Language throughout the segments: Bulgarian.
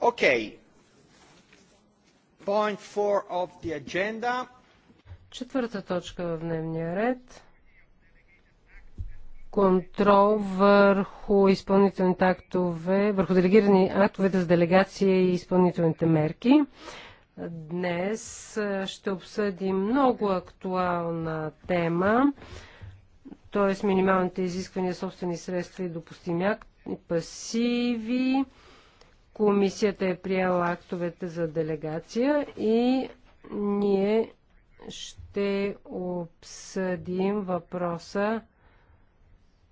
Okay. Point four of the agenda. Четвърта точка в дневния ред. Контрол върху изпълнителните актове, върху делегирани актовете за делегация и изпълнителните мерки. Днес ще обсъдим много актуална тема, т.е. минималните изисквания собствени средства и допустими пасиви. Комисията е приела актовете за делегация и ние ще обсъдим въпроса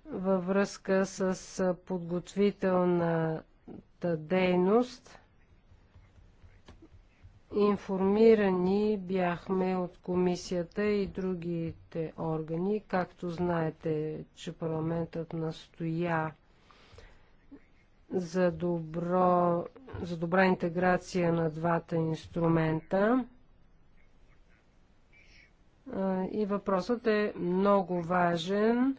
във връзка с подготвителната дейност. Информирани бяхме от комисията и другите органи. Както знаете, че парламентът настоя за, добро, за добра интеграция на двата инструмента. И въпросът е много важен.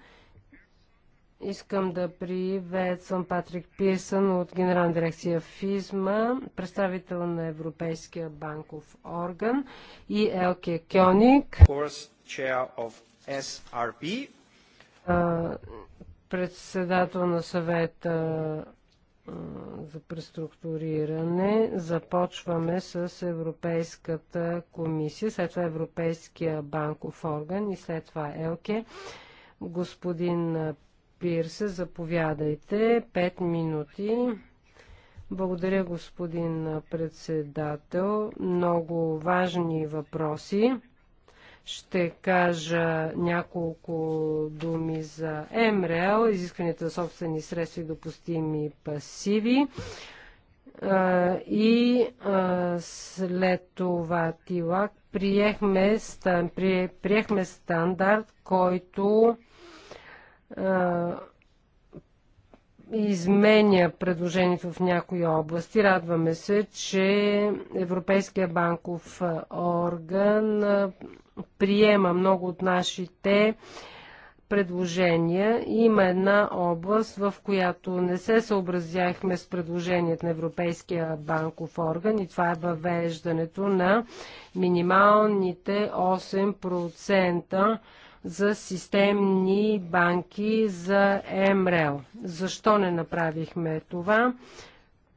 Искам да приветствам Патрик Пирсън от Генерална дирекция ФИЗМА, представител на Европейския банков орган и Елке Кьоник, председател на съвета за преструктуриране. Започваме с Европейската комисия, след това Европейския банков орган и след това ЕЛКЕ. Господин Пирсе, заповядайте. Пет минути. Благодаря, господин председател. Много важни въпроси. Ще кажа няколко думи за МРЛ, изискванията за собствени средства и допустими пасиви. И след това ТИЛАК приехме, приехме стандарт, който изменя предложението в някои области. Радваме се, че Европейския банков орган приема много от нашите предложения. Има една област, в която не се съобразяхме с предложението на Европейския банков орган и това е въвеждането на минималните 8% за системни банки за МРЛ. Защо не направихме това?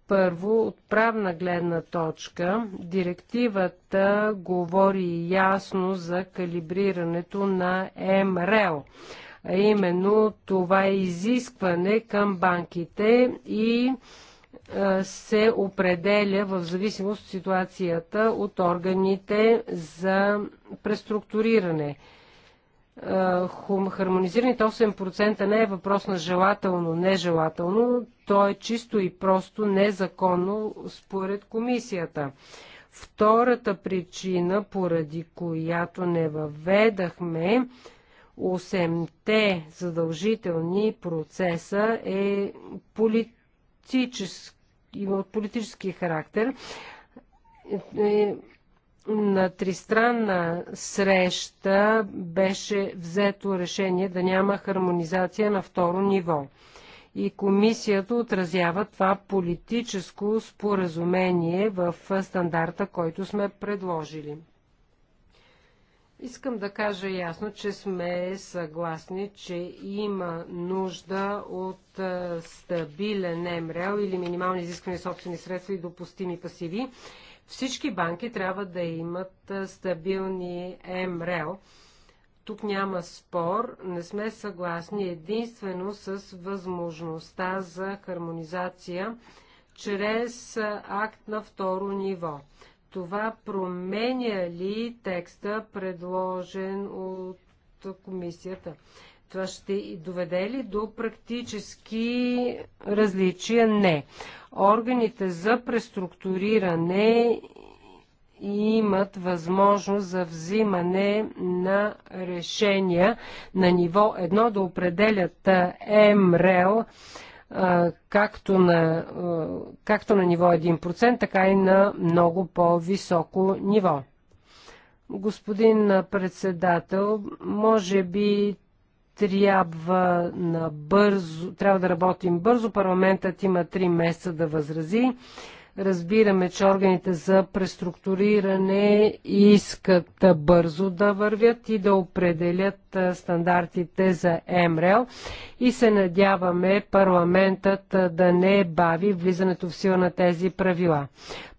Първо, от правна гледна точка, директивата говори ясно за калибрирането на МРЛ. А именно това е изискване към банките и се определя в зависимост от ситуацията от органите за преструктуриране. Е, хармонизираните 8% не е въпрос на желателно, нежелателно, то е чисто и просто незаконно според комисията. Втората причина, поради която не въведахме 8-те задължителни процеса е политически, има политически характер е, на тристранна среща беше взето решение да няма хармонизация на второ ниво. И комисията отразява това политическо споразумение в стандарта, който сме предложили. Искам да кажа ясно, че сме съгласни, че има нужда от стабилен МРЛ или минимални изисквани собствени средства и допустими пасиви всички банки трябва да имат стабилни МРЕЛ. Тук няма спор, не сме съгласни единствено с възможността за хармонизация чрез акт на второ ниво. Това променя ли текста, предложен от комисията? Това ще доведе ли до практически различия? Не. Органите за преструктуриране имат възможност за взимане на решения на ниво едно да определят МРЕЛ както на, както на ниво 1%, така и на много по-високо ниво. Господин председател, може би трябва, на бързо, трябва да работим бързо. Парламентът има 3 месеца да възрази. Разбираме, че органите за преструктуриране искат бързо да вървят и да определят стандартите за МРЕЛ и се надяваме парламентът да не бави влизането в сила на тези правила.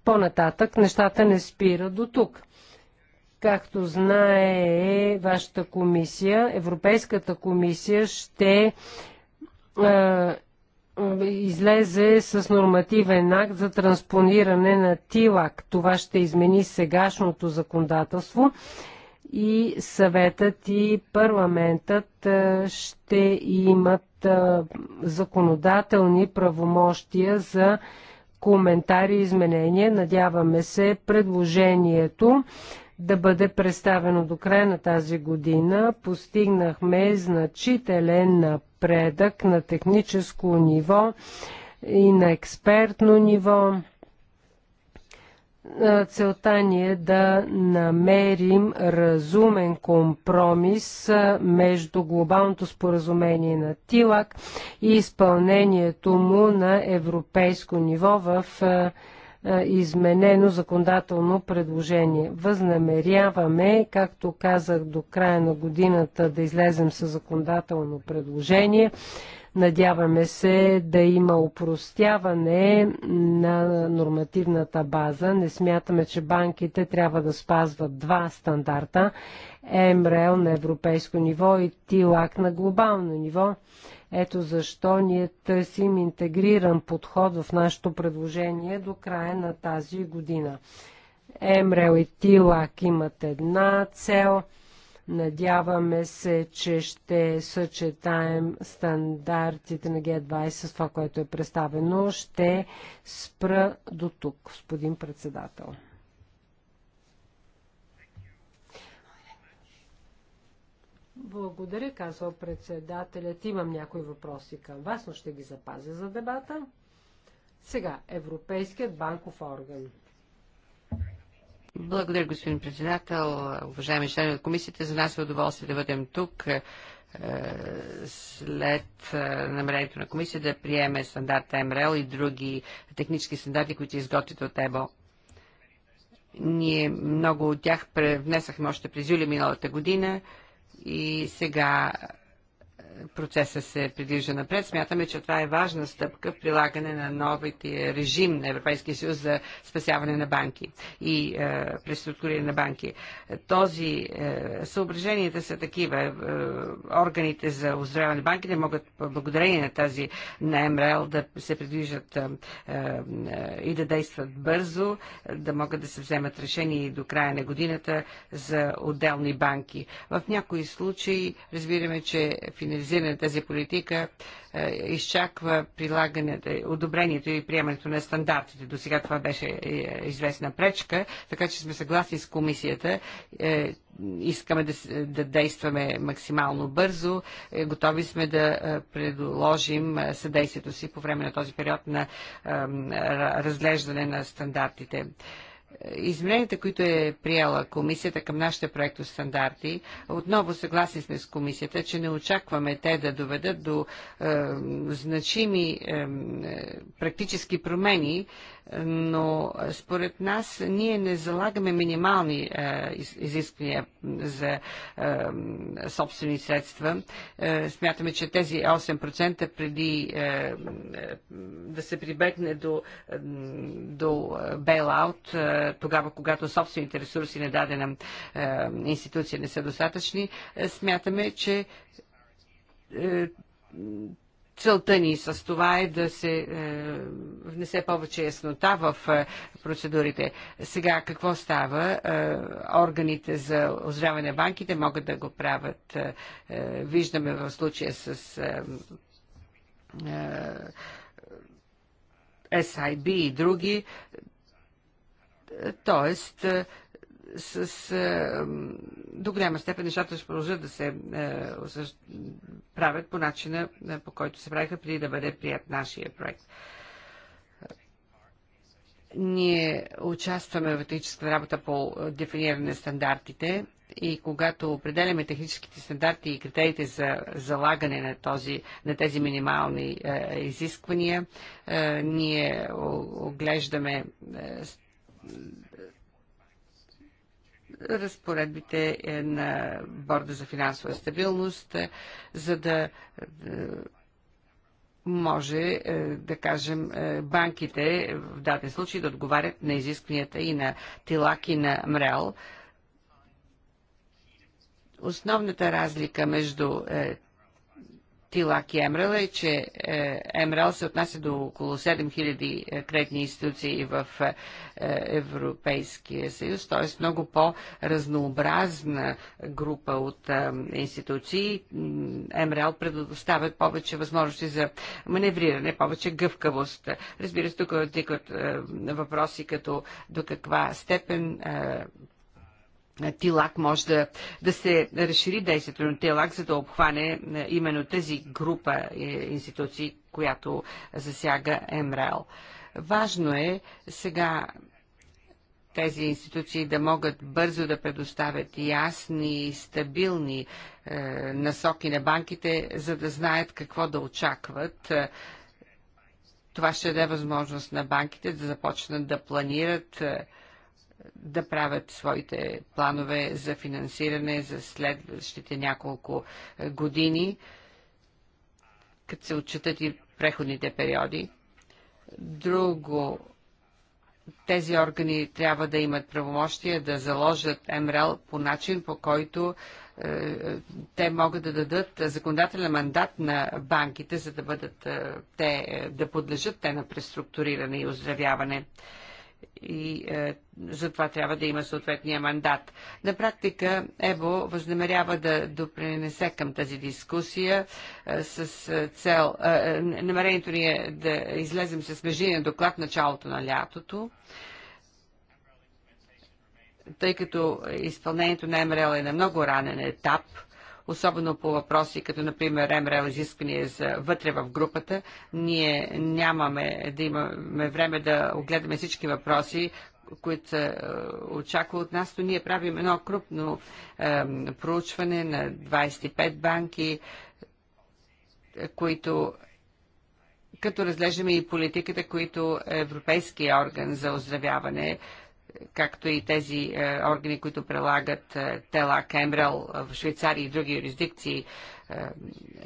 По-нататък нещата не спира до тук. Както знае вашата комисия, Европейската комисия ще излезе с нормативен акт за транспониране на ТИЛАК. Това ще измени сегашното законодателство и съветът и парламентът ще имат законодателни правомощия за коментари и изменения. Надяваме се предложението да бъде представено до края на тази година. Постигнахме значителен напредък на техническо ниво и на експертно ниво. Целта ни е да намерим разумен компромис между глобалното споразумение на ТИЛАК и изпълнението му на европейско ниво в е, изменено законодателно предложение. Възнамеряваме, както казах, до края на годината да излезем с законодателно предложение. Надяваме се да има упростяване на нормативната база. Не смятаме, че банките трябва да спазват два стандарта МРЛ на европейско ниво и ТИЛАК на глобално ниво. Ето защо ние търсим интегриран подход в нашето предложение до края на тази година. Емрел и Тилак имат една цел. Надяваме се, че ще съчетаем стандартите на Г20 с това, което е представено. Ще спра до тук, господин председател. Благодаря, казва председателят. Имам някои въпроси към вас, но ще ги запазя за дебата. Сега, Европейският банков орган. Благодаря, господин председател. Уважаеми члени от комисията, за нас е удоволствие да бъдем тук е, след е, намерението на комисията да приеме стандарт МРЛ и други технически стандарти, които изготвят от ЕБО. Ние много от тях внесахме още през юли миналата година. И сега процеса се придвижа напред. Смятаме, че това е важна стъпка в прилагане на новите режим на Европейския съюз за спасяване на банки и е, преструктуриране на банки. Този е, съображенията са такива. Е, органите за оздравяване на банките могат благодарение на тази на МРЛ да се придвижат е, е, е и да действат бързо, да могат да се вземат решения и до края на годината за отделни банки. В някои случаи разбираме, че финансирането реализиране на тази политика е, изчаква прилагането, одобрението и приемането на стандартите. До сега това беше е, известна пречка, така че сме съгласни с комисията. Е, искаме да, да действаме максимално бързо. Готови сме да предложим съдействието си по време на този период на разглеждане на стандартите измененията, които е приела комисията към нашите стандарти, отново съгласни сме с комисията, че не очакваме те да доведат до е, значими е, е практически промени но според нас ние не залагаме минимални изисквания за собствени средства. Смятаме, че тези 8% преди да се прибегне до, до бейлаут, тогава когато собствените ресурси на дадена институция не са достатъчни, смятаме, че Целта ни с това е да се е, внесе повече яснота в е, процедурите. Сега какво става? Е, органите за оздравяне на банките могат да го правят. Е, е, виждаме в случая с. Е, е, SIB и други. Е, тоест, е, с, с, е, до голяма степен нещата ще продължат да се е, правят по начина, е, по който се правиха преди да бъде прият нашия проект. Ние участваме в техническата работа по дефиниране на стандартите и когато определяме техническите стандарти и критериите за залагане на, този, на тези минимални е, изисквания, е, ние оглеждаме е, разпоредбите е, на Борда за финансова стабилност, е, за да е, може, да кажем, банките в даден случай да отговарят на изискванията и на ТИЛАК и на МРЕЛ. Основната разлика между Тилак и Емрал е, че е, Емрел се отнася до около 7000 е, кредитни институции в е, Европейския съюз, т.е. много по-разнообразна група от институции. Емрал предоставя повече възможности за маневриране, повече гъвкавост. Разбира се, тук въпроси като до каква степен е, Тилак може да, да се разшири действието на Тилак, за да обхване е, именно тази група е, институции, която засяга МРЛ. Важно е сега тези институции да могат бързо да предоставят ясни и стабилни е, насоки на банките, за да знаят какво да очакват. Това ще даде възможност на банките да започнат да планират е, да правят своите планове за финансиране за следващите няколко е, години, като се отчитат и преходните периоди. Друго, тези органи трябва да имат правомощия да заложат МРЛ по начин, по който е, те могат да дадат законодателен мандат на банките, за да бъдат е, те, е, да подлежат те на преструктуриране и оздравяване и е, за това трябва да има съответния мандат. На практика ЕБО възнамерява да допринесе към тази дискусия е, с е, цел... Е, е намерението ни е да излезем с междинен доклад началото на лятото тъй като изпълнението на МРЛ е на много ранен етап – особено по въпроси, като например МРЛ изисквания за вътре в групата. Ние нямаме да имаме време да огледаме всички въпроси, които се е, очаква от нас, то ние правим едно крупно е, проучване на 25 банки, е, които като разглеждаме и политиката, които Европейския орган за оздравяване както и тези е, органи, които прилагат е, Тела, Кембрел в Швейцария и други юрисдикции е,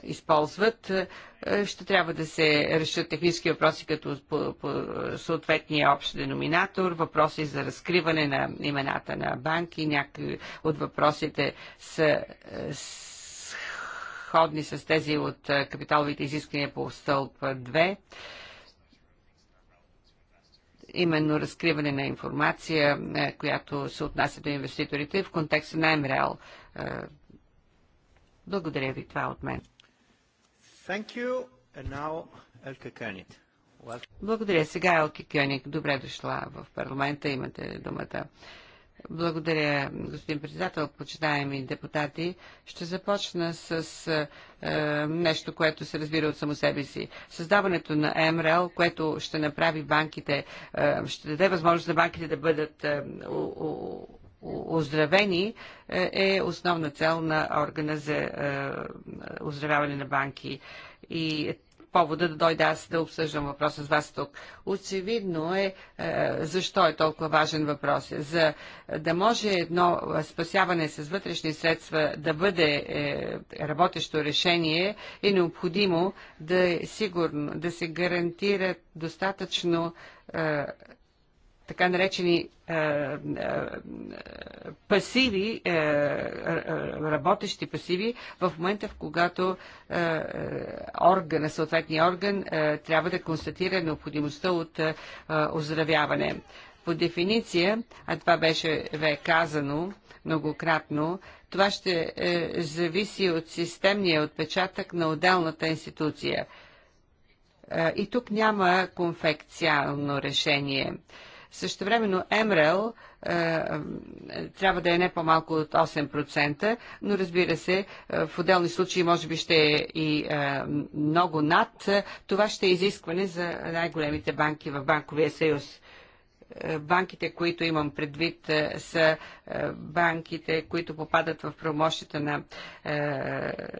използват. Ще трябва да се решат технически въпроси като по, по съответния общ деноминатор, въпроси за разкриване на имената на банки, някои от въпросите са сходни с тези от капиталовите изисквания по стълб 2 именно разкриване на информация, е, която се отнася до инвеститорите в контекста на МРЛ. Е, благодаря ви, това е от мен. Thank you. And now, Благодаря. Сега Елки Кьоник. Добре дошла в парламента. Имате думата. Благодаря, господин председател, почитаеми депутати. Ще започна с е, нещо, което се разбира от само себе си. Създаването на МРЛ, което ще направи банките, е, ще даде възможност на банките да бъдат е, о, оздравени е, е основна цел на органа за е, е, оздравяване на банки. И повода да дойда аз да обсъждам въпроса с вас тук. Очевидно е, е, защо е толкова важен въпрос. За да може едно спасяване с вътрешни средства да бъде е, работещо решение, е необходимо да, е сигурно, да се гарантират достатъчно е, така наречени е, е, пасиви, е, е, работещи пасиви, в момента, в когато е, е органа, съответния орган е, трябва да констатира необходимостта от е, оздравяване. По дефиниция, а това беше ве казано многократно, това ще е, зависи от системния отпечатък на отделната институция. Е, и тук няма конфекциално решение. Е, Същевременно МРЛ е, е, трябва да е не по-малко от 8%, но разбира се, е, в отделни случаи може би ще е и много над. Това ще е изискване за най-големите банки в Банковия съюз банките, които имам предвид, са банките, които попадат в промощите на,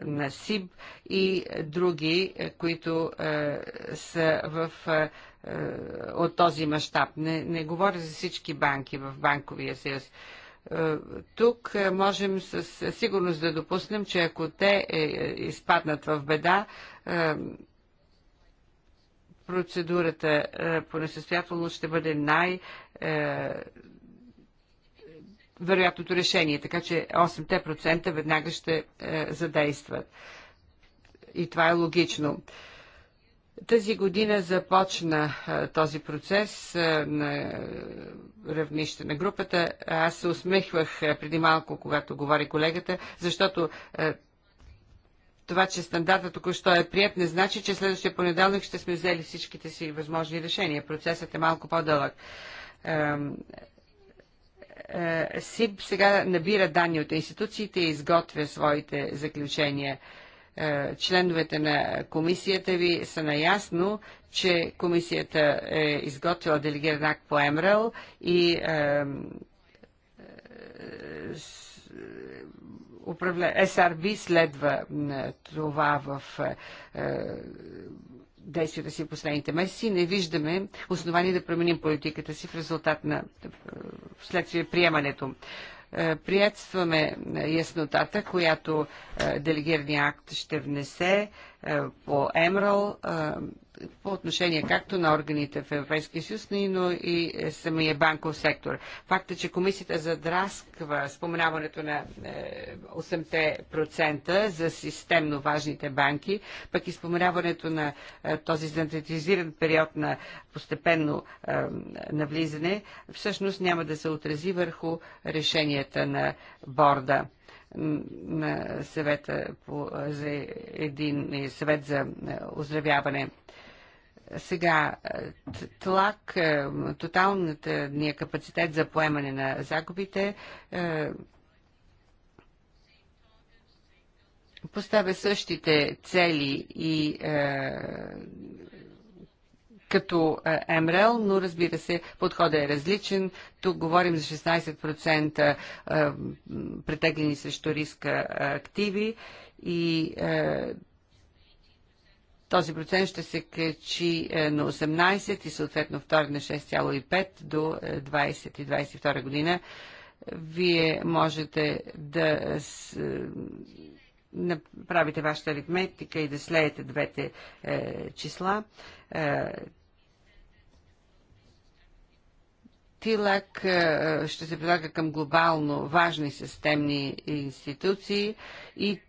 на СИБ и други, които са в е, от този мащаб. Не, не говоря за всички банки в банковия съюз. Е, тук е, можем със сигурност да допуснем, че ако те изпаднат в беда, процедурата по несъстоятелност ще бъде най- вероятното решение, така че 8% веднага ще задействат. И това е логично. Тази година започна този процес на равнище на групата. Аз се усмехвах преди малко, когато говори колегата, защото това, че стандартът току-що е прият, не значи, че следващия понеделник ще сме взели всичките си възможни решения. Процесът е малко по-дълъг. СИБ сега набира данни от институциите и изготвя своите заключения. Е, членовете на комисията ви са наясно, че комисията е изготвила делегиран акт по МРЛ и е, е, СРБ следва това в действията си последните месеци. Не виждаме основания да променим политиката си в резултат на следствие приемането. Е, Приятстваме е, яснотата, която е, делегирания акт ще внесе по Емрал по отношение както на органите в Европейския съюз, но и самия банков сектор. Факта, е, че комисията задрасква споменаването на 8% е, за системно важните банки, пък и споменаването на е, този стандартизиран период на постепенно навлизане, всъщност няма да се отрази върху решенията на борда на съвета по, за един съвет за оздравяване. Сега, е, тлак, е, тоталната ния е капацитет за поемане на загубите поставя същите цели и като МРЛ, но разбира се, подходът е различен. Тук говорим за 16% претеглени срещу риска активи и е, този процент ще се качи е, на 18 и съответно втори на 6,5 до 2022 е, година. Вие можете да е, направите вашата аритметика и да слеете двете е, числа. Е, ТИЛАК е, ще се прилага към глобално важни системни институции и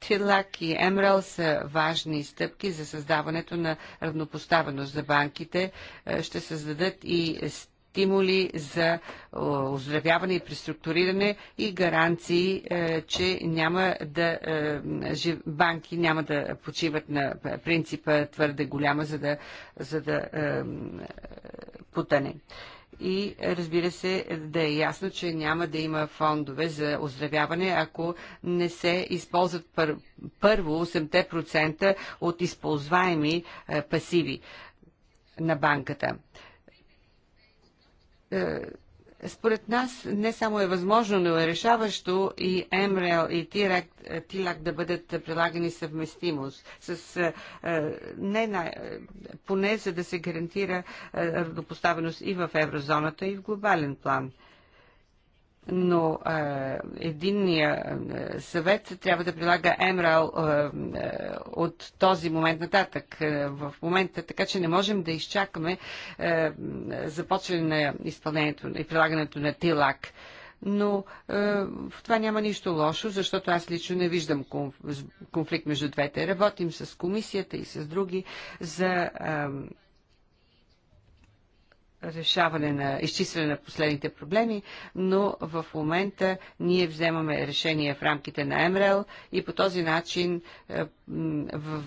Тилак и Емрел са важни стъпки за създаването на равнопоставеност за банките. Е, ще създадат и стимули за оздравяване и преструктуриране и гаранции, е, че няма да, е, банки няма да почиват на принципа твърде голяма, за да, за да потъне и разбира се да е ясно, че няма да има фондове за оздравяване, ако не се използват първо 8% от използваеми е, пасиви на банката е, според нас не само е възможно, но е решаващо и МРЕЛ и ТИРАК, ТИЛАК е, да бъдат прилагани съвместимост, с, е, е, не на, поне за да се гарантира равнопоставеност и в еврозоната, и в глобален план но а, единния съвет трябва да прилага Емрал от този момент нататък в момента, така че не можем да изчакаме а, започване на изпълнението и прилагането на ТИЛАК. Но е, в това няма нищо лошо, защото аз лично не виждам конфликт между двете. Работим с комисията и с други за е, решаване на изчистване на последните проблеми, но в момента ние вземаме решение в рамките на МРЛ и по този начин е, в,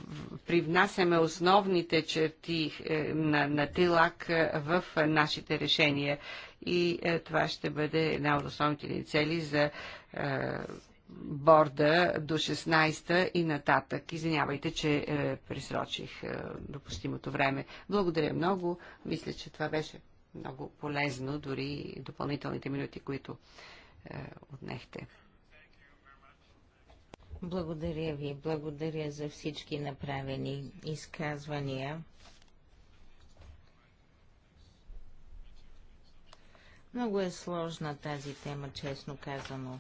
привнасяме основните черти е, на, на ТИЛАК е, в нашите решения и това ще бъде една от основните ни цели за борда до 16-та и нататък. Извинявайте, че е, присрочих е, допустимото време. Благодаря много. Мисля, че това беше много полезно, дори допълнителните минути, които е, отнехте. Благодаря ви. Благодаря за всички направени изказвания. Много е сложна тази тема, честно казано.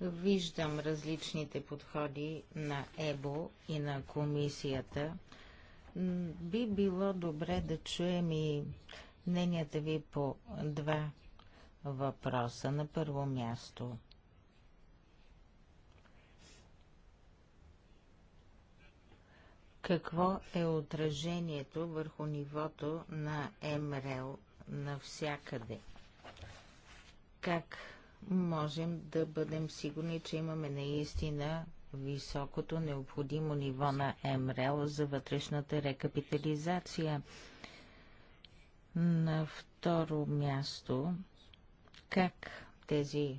Виждам различните подходи на ЕБО и на комисията. Би било добре да чуем и мненията ви по два въпроса. На първо място. Какво е отражението върху нивото на МРЛ навсякъде? Как можем да бъдем сигурни, че имаме наистина високото необходимо ниво на МРЛ за вътрешната рекапитализация. На второ място, как тези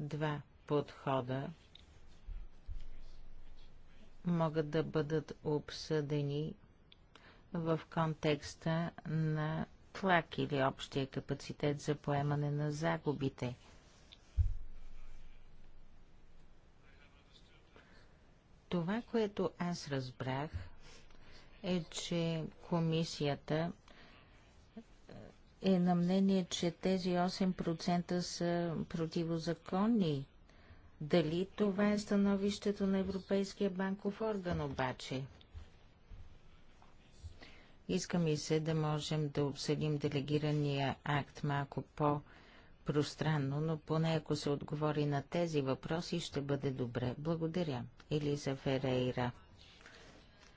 два подхода могат да бъдат обсъдени в контекста на тлак или общия капацитет за поемане на загубите – Това, което аз разбрах, е, че комисията е на мнение, че тези 8% са противозаконни. Дали това е становището на Европейския банков орган обаче? Иска ми се да можем да обсъдим делегирания акт малко по-пространно, но поне ако се отговори на тези въпроси, ще бъде добре. Благодаря. Елиза Ферейра.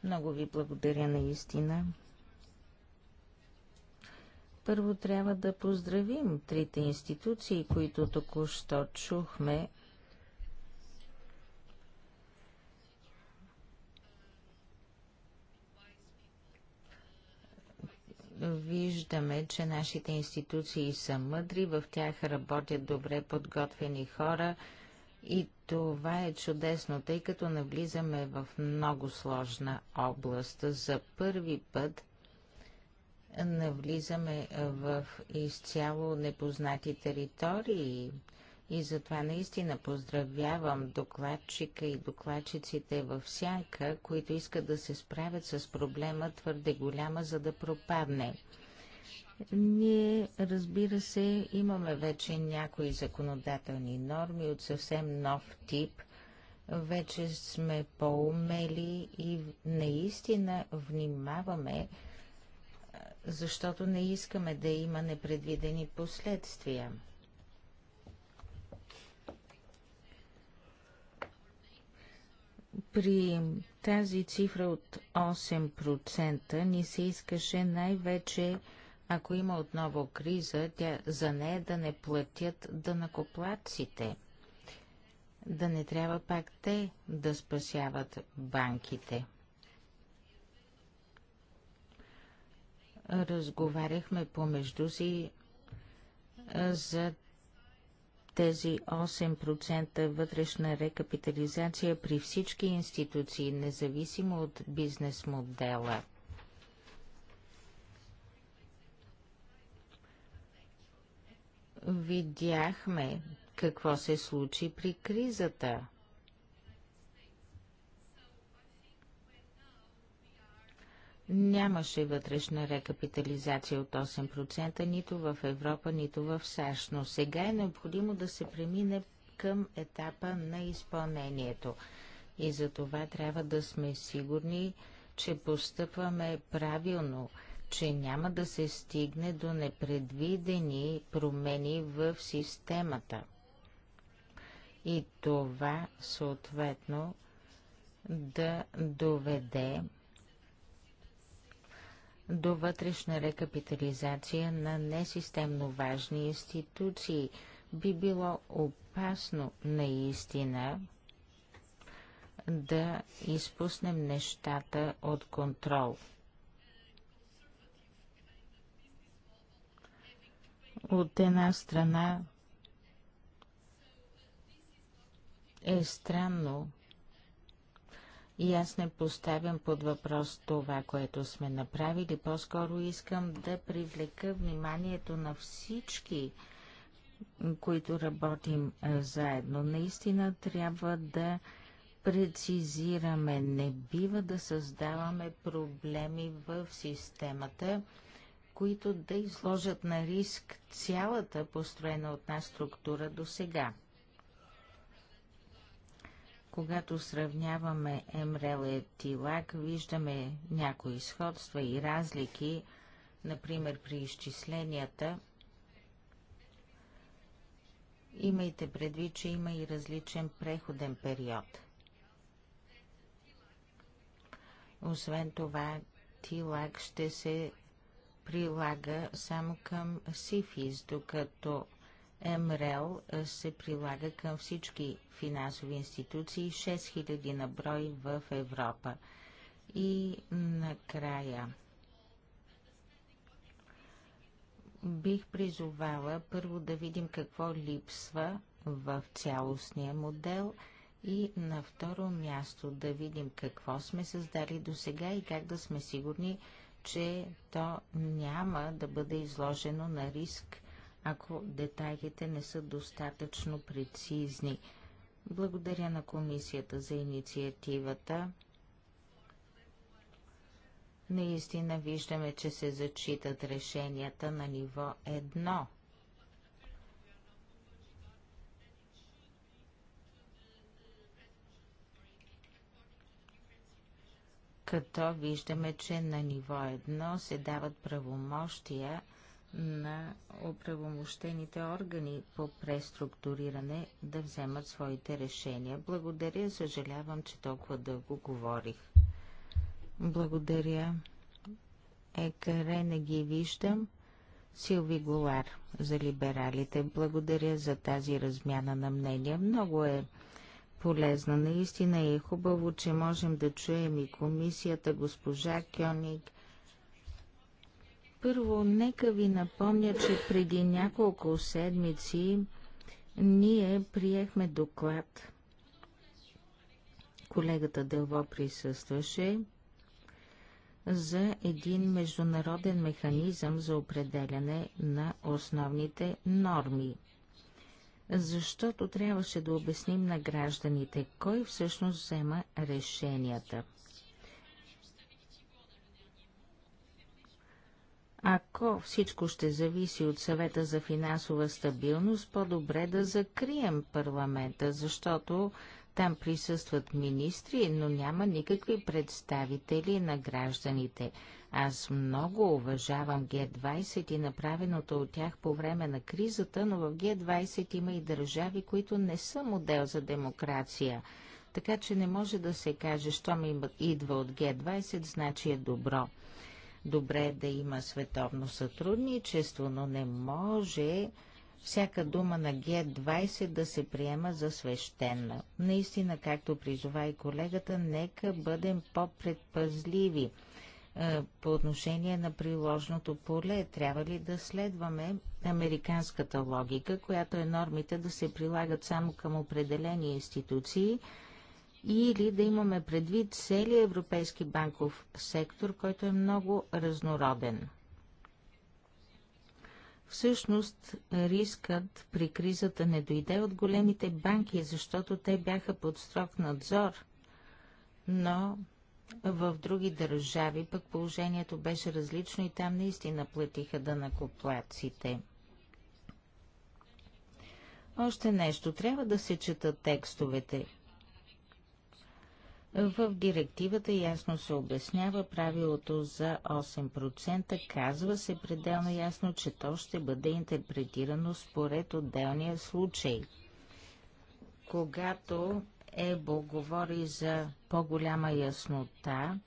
Много ви благодаря наистина. Първо трябва да поздравим трите институции, които току-що чухме. Виждаме, че нашите институции са мъдри, в тях работят добре подготвени хора и това е чудесно, тъй като навлизаме в много сложна област. За първи път навлизаме в изцяло непознати територии. И затова наистина поздравявам докладчика и докладчиците във всяка, които искат да се справят с проблема твърде голяма, за да пропадне. Ние, разбира се, имаме вече някои законодателни норми от съвсем нов тип. Вече сме по-умели и наистина внимаваме, защото не искаме да има непредвидени последствия. При тази цифра от 8% ни се искаше най-вече ако има отново криза, тя за нея да не платят накоплаците, да не трябва пак те да спасяват банките. Разговаряхме помежду си за тези 8% вътрешна рекапитализация при всички институции, независимо от бизнес модела. Видяхме какво се случи при кризата. Нямаше вътрешна рекапитализация от 8% нито в Европа, нито в САЩ, но сега е необходимо да се премине към етапа на изпълнението. И за това трябва да сме сигурни, че постъпваме правилно – че няма да се стигне до непредвидени промени в системата. И това съответно да доведе до вътрешна рекапитализация на несистемно важни институции. Би било опасно наистина да изпуснем нещата от контрол. от една страна е странно и аз не поставям под въпрос това, което сме направили. По-скоро искам да привлека вниманието на всички, които работим заедно. Наистина трябва да прецизираме. Не бива да създаваме проблеми в системата които да изложат на риск цялата построена от нас структура до сега. Когато сравняваме МРЛ и ТИЛАК, виждаме някои сходства и разлики, например при изчисленията. Имайте предвид, че има и различен преходен период. Освен това, ТИЛАК ще се прилага само към СИФИС, докато МРЕЛ се прилага към всички финансови институции, 6000 на брой в Европа. И накрая бих призовала първо да видим какво липсва в цялостния модел и на второ място да видим какво сме създали до сега и как да сме сигурни, че то няма да бъде изложено на риск, ако детайлите не са достатъчно прецизни. Благодаря на комисията за инициативата. Наистина виждаме, че се зачитат решенията на ниво 1 като виждаме, че на ниво едно се дават правомощия на оправомощените органи по преструктуриране да вземат своите решения. Благодаря, съжалявам, че толкова дълго говорих. Благодаря. Екаре не ги виждам. Силви Голар за либералите. Благодаря за тази размяна на мнения. Много е полезна. Наистина е хубаво, че можем да чуем и комисията, госпожа Кьоник. Първо, нека ви напомня, че преди няколко седмици ние приехме доклад. Колегата Дълво присъстваше за един международен механизъм за определяне на основните норми – защото трябваше да обясним на гражданите, кой всъщност взема решенията. Ако всичко ще зависи от съвета за финансова стабилност, по-добре да закрием парламента, защото там присъстват министри, но няма никакви представители на гражданите. Аз много уважавам Г-20 и направеното от тях по време на кризата, но в Г-20 има и държави, които не са модел за демокрация. Така че не може да се каже, що ми идва от Г-20, значи е добро. Добре е да има световно сътрудничество, но не може всяка дума на Г-20 да се приема за свещена. Наистина, както призова и колегата, нека бъдем по-предпазливи е, по отношение на приложното поле. Трябва ли да следваме американската логика, която е нормите да се прилагат само към определени институции, или да имаме предвид целият европейски банков сектор, който е много разнороден. Всъщност рискът при кризата не дойде от големите банки, защото те бяха под строг надзор. Но в други държави пък положението беше различно и там наистина платиха накоплаците. Още нещо. Трябва да се четат текстовете. В директивата ясно се обяснява правилото за 8%. Казва се пределно ясно, че то ще бъде интерпретирано според отделния случай. Когато ЕБО говори за по-голяма яснота,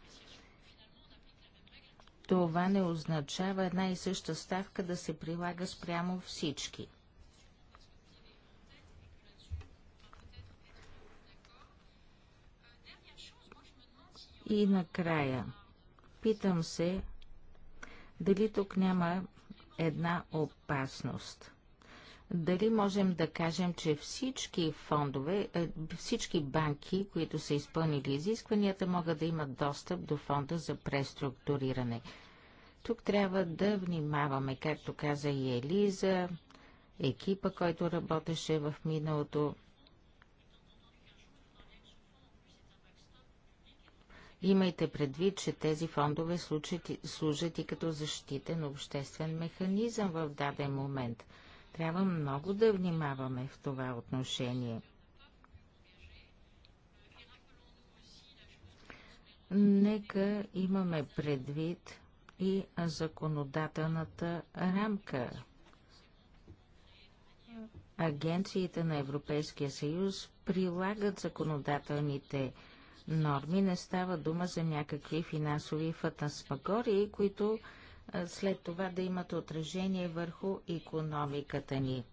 това не означава една и съща ставка да се прилага спрямо всички. И накрая, питам се, дали тук няма една опасност. Дали можем да кажем, че всички фондове, е, всички банки, които са изпълнили изискванията, могат да имат достъп до фонда за преструктуриране. Тук трябва да внимаваме, както каза и Елиза, екипа, който работеше в миналото, Имайте предвид, че тези фондове служат и, служат и като защитен обществен механизъм в даден момент. Трябва много да внимаваме в това отношение. Нека имаме предвид и законодателната рамка. Агенциите на Европейския съюз прилагат законодателните рамки норми. Не става дума за някакви финансови фатасмагории, които след това да имат отражение върху економиката ни.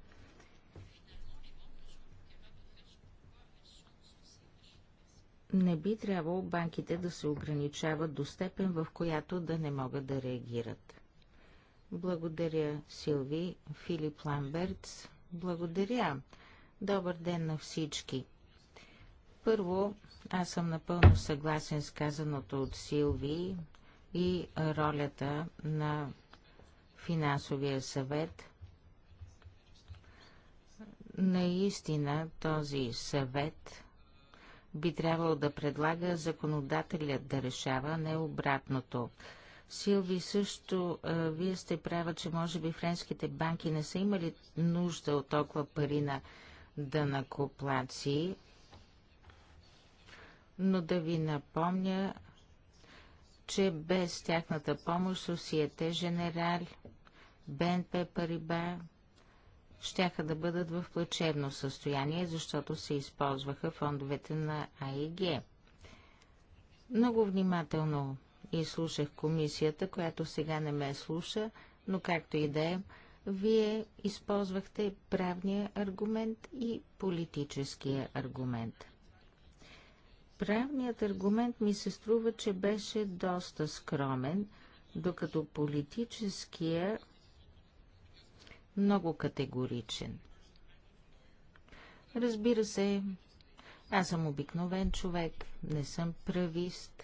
Не би трябвало банките да се ограничават до степен, в която да не могат да реагират. Благодаря, Силви, Филип Ламбертс. Благодаря. Добър ден на всички. Първо, аз съм напълно съгласен с казаното от Силви и ролята на финансовия съвет. Наистина този съвет би трябвало да предлага законодателят да решава, не обратното. Силви, също вие сте права, че може би френските банки не са имали нужда от толкова пари на дънакоплаци, но да ви напомня, че без тяхната помощ Сосиете Женераль, БНП Париба щяха да бъдат в плачевно състояние, защото се използваха фондовете на АИГ. Много внимателно изслушах комисията, която сега не ме слуша, но както и да е, вие използвахте правния аргумент и политическия аргумент. Правният аргумент ми се струва, че беше доста скромен, докато политическия много категоричен. Разбира се, аз съм обикновен човек, не съм правист,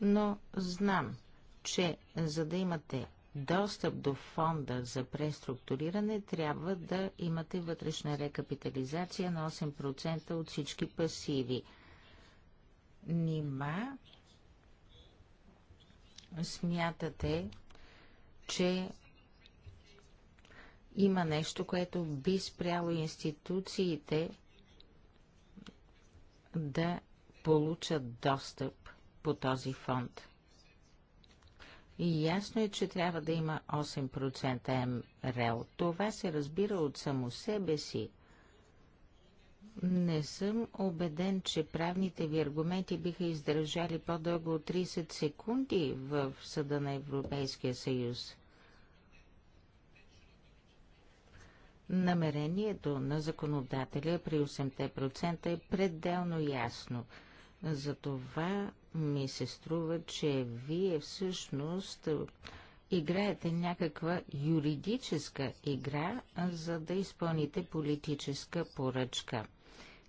но знам, че за да имате достъп до фонда за преструктуриране, трябва да имате вътрешна рекапитализация на 8% от всички пасиви. Нима смятате, че има нещо, което би спряло институциите да получат достъп по този фонд. И ясно е, че трябва да има 8% МРЛ. Това се разбира от само себе си. Не съм убеден, че правните ви аргументи биха издържали по-дълго от 30 секунди в Съда на Европейския съюз. Намерението на законодателя при 8% е пределно ясно. Затова ми се струва, че вие всъщност играете някаква юридическа игра, за да изпълните политическа поръчка.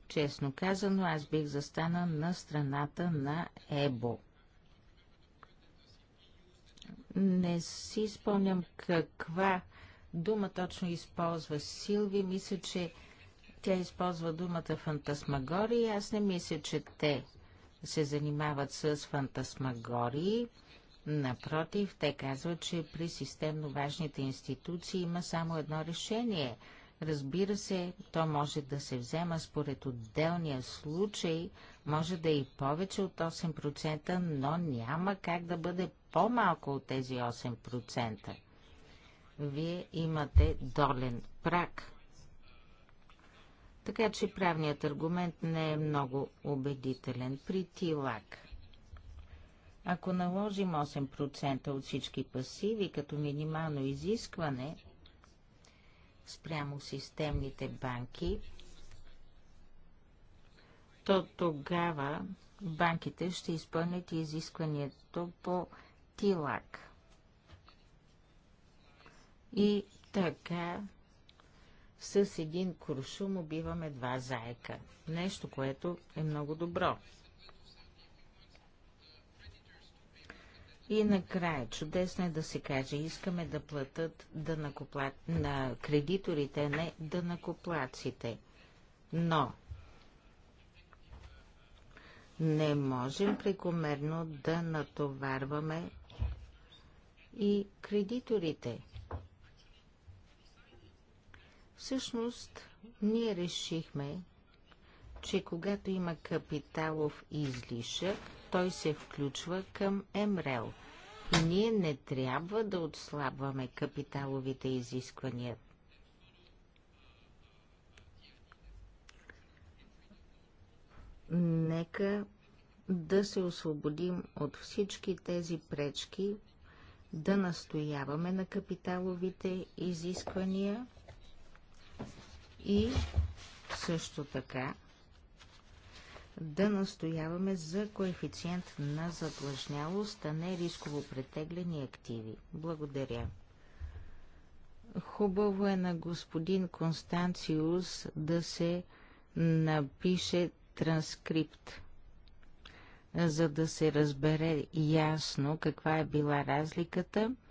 Честно казано, аз бих застана на страната на Ебо. Не си спомням каква дума точно използва Силви. Мисля, че тя използва думата фантасмагория. Аз не мисля, че те се занимават с фантасмагории. Напротив, те казват, че при системно важните институции има само едно решение. Разбира се, то може да се взема според отделния случай, може да е и повече от 8%, но няма как да бъде по-малко от тези 8%. Вие имате долен прак така че правният аргумент не е много убедителен. При ТИЛАК. Ако наложим 8% от всички пасиви като минимално изискване спрямо системните банки, то тогава банките ще изпълнят изискването по ТИЛАК. И така с един куршум убиваме два заека. Нещо, което е много добро. И накрая, чудесно е да се каже, искаме да платят дънакопла... на кредиторите, не накоплаците. Но не можем прекомерно да натоварваме и кредиторите. Всъщност, ние решихме, че когато има капиталов излишък, той се включва към МРЕЛ. И ние не трябва да отслабваме капиталовите изисквания. Нека да се освободим от всички тези пречки, да настояваме на капиталовите изисквания – и също така да настояваме за коефициент на задлъжнялост, а не рисково претеглени активи. Благодаря. Хубаво е на господин Констанциус да се напише транскрипт, за да се разбере ясно каква е била разликата –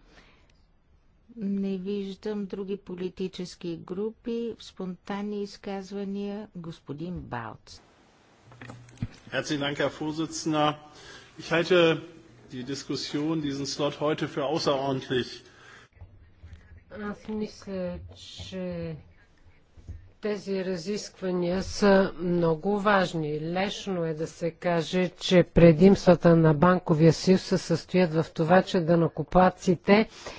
не виждам други политически групи. В спонтанни изказвания господин Балц. Herzlichen Dank, Herr Vorsitzender. Ich halte die Diskussion, diesen Slot heute für außerordentlich. Аз мисля, че тези разисквания са много важни. Лешно е да се каже, че предимствата на банковия съюз се състоят в това, че данакоплаците да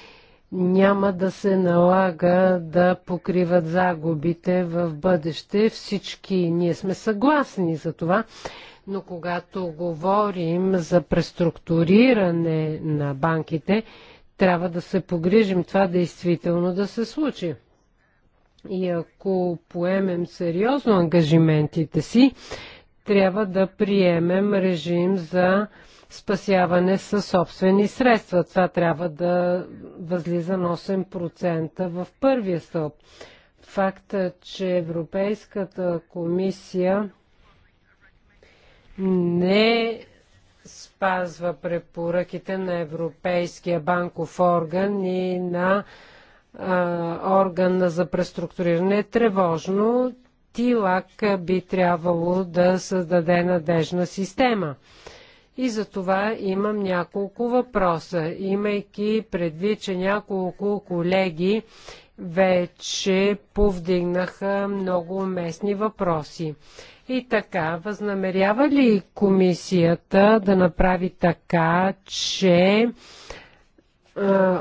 няма да се налага да покриват загубите в бъдеще. Всички ние сме съгласни за това, но когато говорим за преструктуриране на банките, трябва да се погрижим това действително да се случи. И ако поемем сериозно ангажиментите си, трябва да приемем режим за спасяване със собствени средства. Това трябва да възлиза на 8% в първия стълб. Факта, че Европейската комисия не спазва препоръките на Европейския банков орган и на а, органа за преструктуриране е тревожно. ТИЛАК би трябвало да създаде надежна система. И за това имам няколко въпроса, имайки предвид, че няколко колеги вече повдигнаха много местни въпроси. И така, възнамерява ли комисията да направи така, че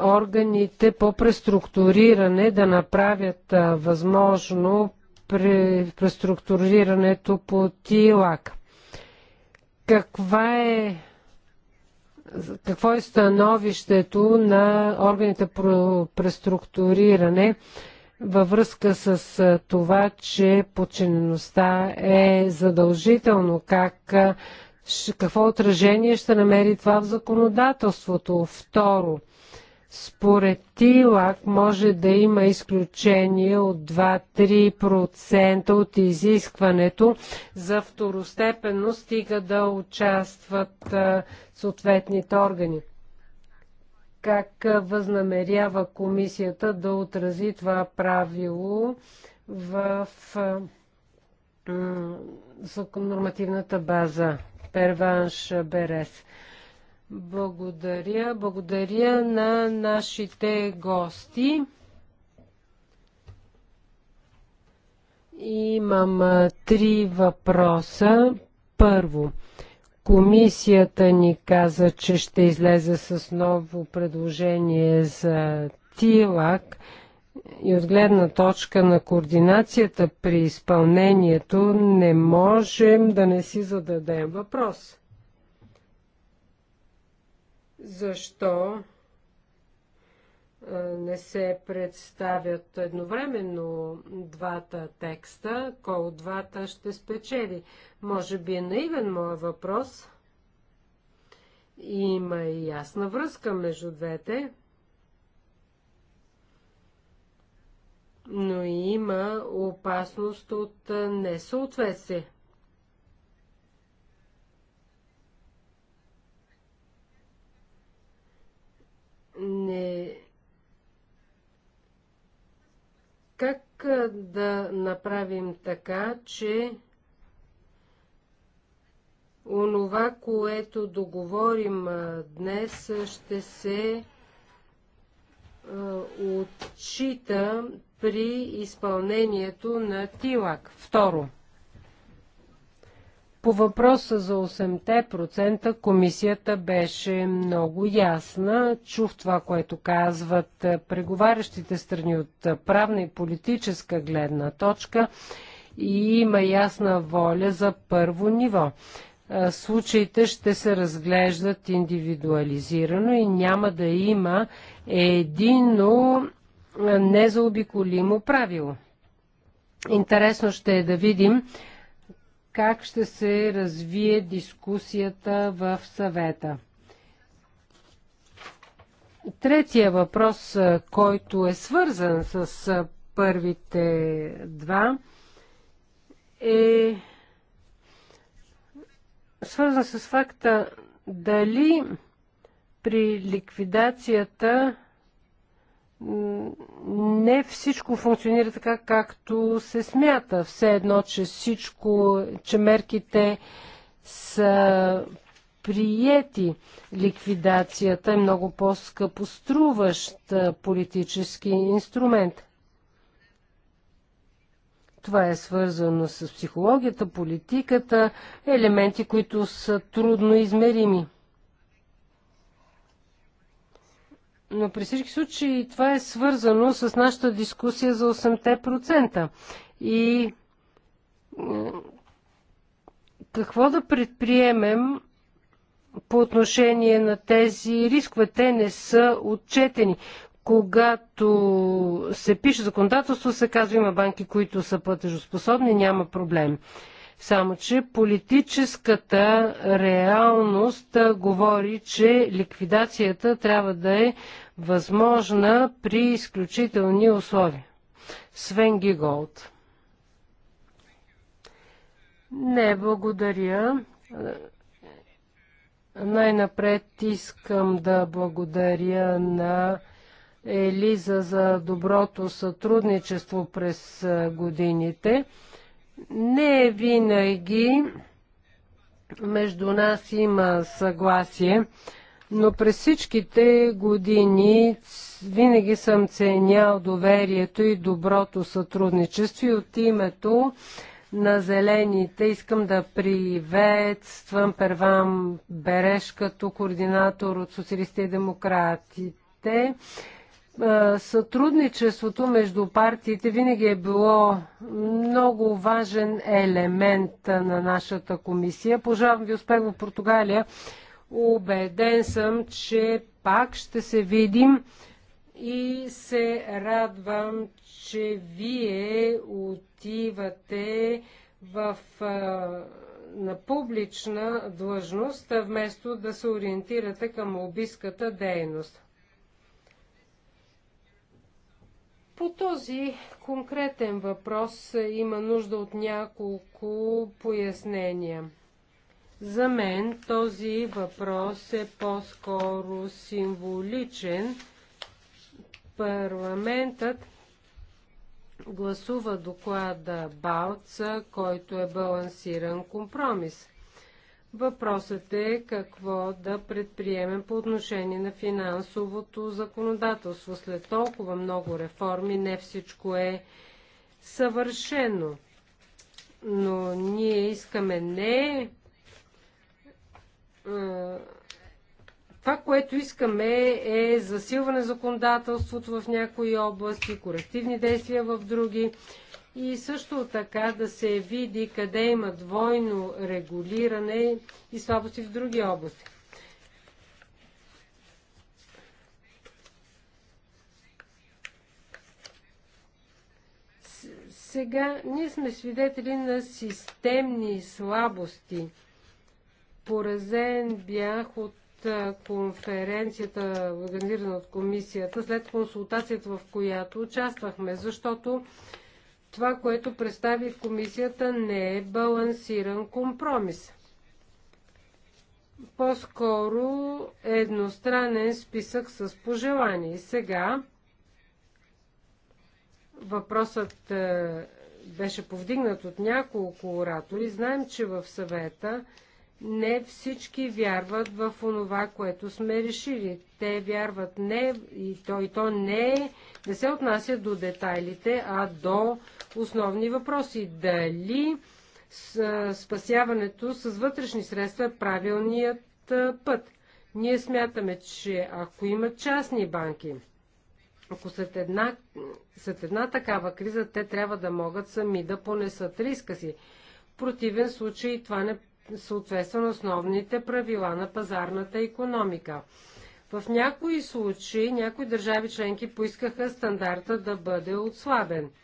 органите по преструктуриране да направят възможно преструктурирането по ТИЛАК? Каква е, какво е становището на органите про преструктуриране във връзка с това, че подчинеността е задължително? Как, какво отражение ще намери това в законодателството? Второ, според ТИЛАК може да има изключение от 2-3% от изискването за второстепенно, стига да участват съответните органи. Как възнамерява комисията да отрази това правило в нормативната база? Перванш Берес. Благодаря. Благодаря на нашите гости. Имам три въпроса. Първо, комисията ни каза, че ще излезе с ново предложение за ТИЛАК и от гледна точка на координацията при изпълнението не можем да не си зададем въпрос защо не се представят едновременно двата текста, кой от двата ще спечели. Може би е наивен моят въпрос. Има и ясна връзка между двете. Но и има опасност от несъответствие. не как да направим така, че онова, което договорим днес, ще се отчита при изпълнението на ТИЛАК. Второ, по въпроса за 8% комисията беше много ясна. Чух това, което казват е, преговарящите страни от е, правна и политическа гледна точка и има ясна воля за първо ниво. Е, случаите ще се разглеждат индивидуализирано и няма да има едино незаобиколимо правило. Интересно ще е да видим как ще се развие дискусията в съвета. Третия въпрос, който е свързан с първите два, е свързан с факта дали при ликвидацията не всичко функционира така, както се смята. Все едно, че всичко, че мерките са приети. Ликвидацията е много по-скъпоструващ политически инструмент. Това е свързано с психологията, политиката, елементи, които са трудно измерими. но при всички случаи това е свързано с нашата дискусия за 8%. И какво да предприемем по отношение на тези рискове? Те не са отчетени. Когато се пише законодателство, се казва има банки, които са платежоспособни, няма проблем. Само, че политическата реалност говори, че ликвидацията трябва да е възможна при изключителни условия. Свен Гиголд. Не, благодаря. Най-напред искам да благодаря на Елиза за доброто сътрудничество през годините. Не винаги между нас има съгласие, но през всичките години винаги съм ценял доверието и доброто сътрудничество и от името на зелените искам да приветствам Первам Береш като координатор от социалистите и демократите. Е, сътрудничеството между партиите винаги е било много важен елемент на нашата комисия. Пожелавам ви успех в Португалия. Убеден съм, че пак ще се видим и се радвам, че вие отивате в е, на публична длъжност, вместо да се ориентирате към лобистката дейност. По този конкретен въпрос има нужда от няколко пояснения. За мен този въпрос е по-скоро символичен. Парламентът гласува доклада Балца, който е балансиран компромис. Въпросът е какво да предприемем по отношение на финансовото законодателство. След толкова много реформи не всичко е съвършено. Но ние искаме не. Това, което искаме е засилване законодателството в някои области, корективни действия в други и също така да се види къде има двойно регулиране и слабости в други области. Сега ние сме свидетели на системни слабости. Поразен бях от конференцията, организирана от комисията, след консултацията, в която участвахме, защото това, което представи комисията, не е балансиран компромис. По-скоро е едностранен списък с пожелания. Сега въпросът е, беше повдигнат от няколко оратори. Знаем, че в съвета не всички вярват в онова, което сме решили. Те вярват не и то, и то не, не се отнася до детайлите, а до основни въпроси. Дали спасяването с вътрешни средства е правилният път? Ние смятаме, че ако има частни банки, ако след една, след една такава криза, те трябва да могат сами да понесат риска си. В противен случай това не съответства на основните правила на пазарната економика. В някои случаи някои държави членки поискаха стандарта да бъде отслабен –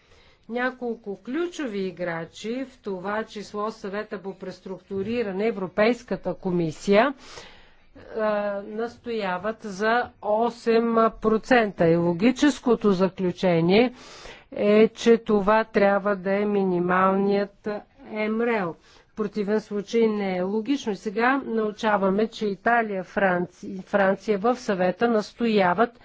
няколко ключови играчи, в това число съвета по преструктуриране Европейската комисия, настояват за 8%. И логическото заключение е, че това трябва да е минималният МРЕЛ. В противен случай не е логично. И сега научаваме, че Италия Франция, Франция в съвета настояват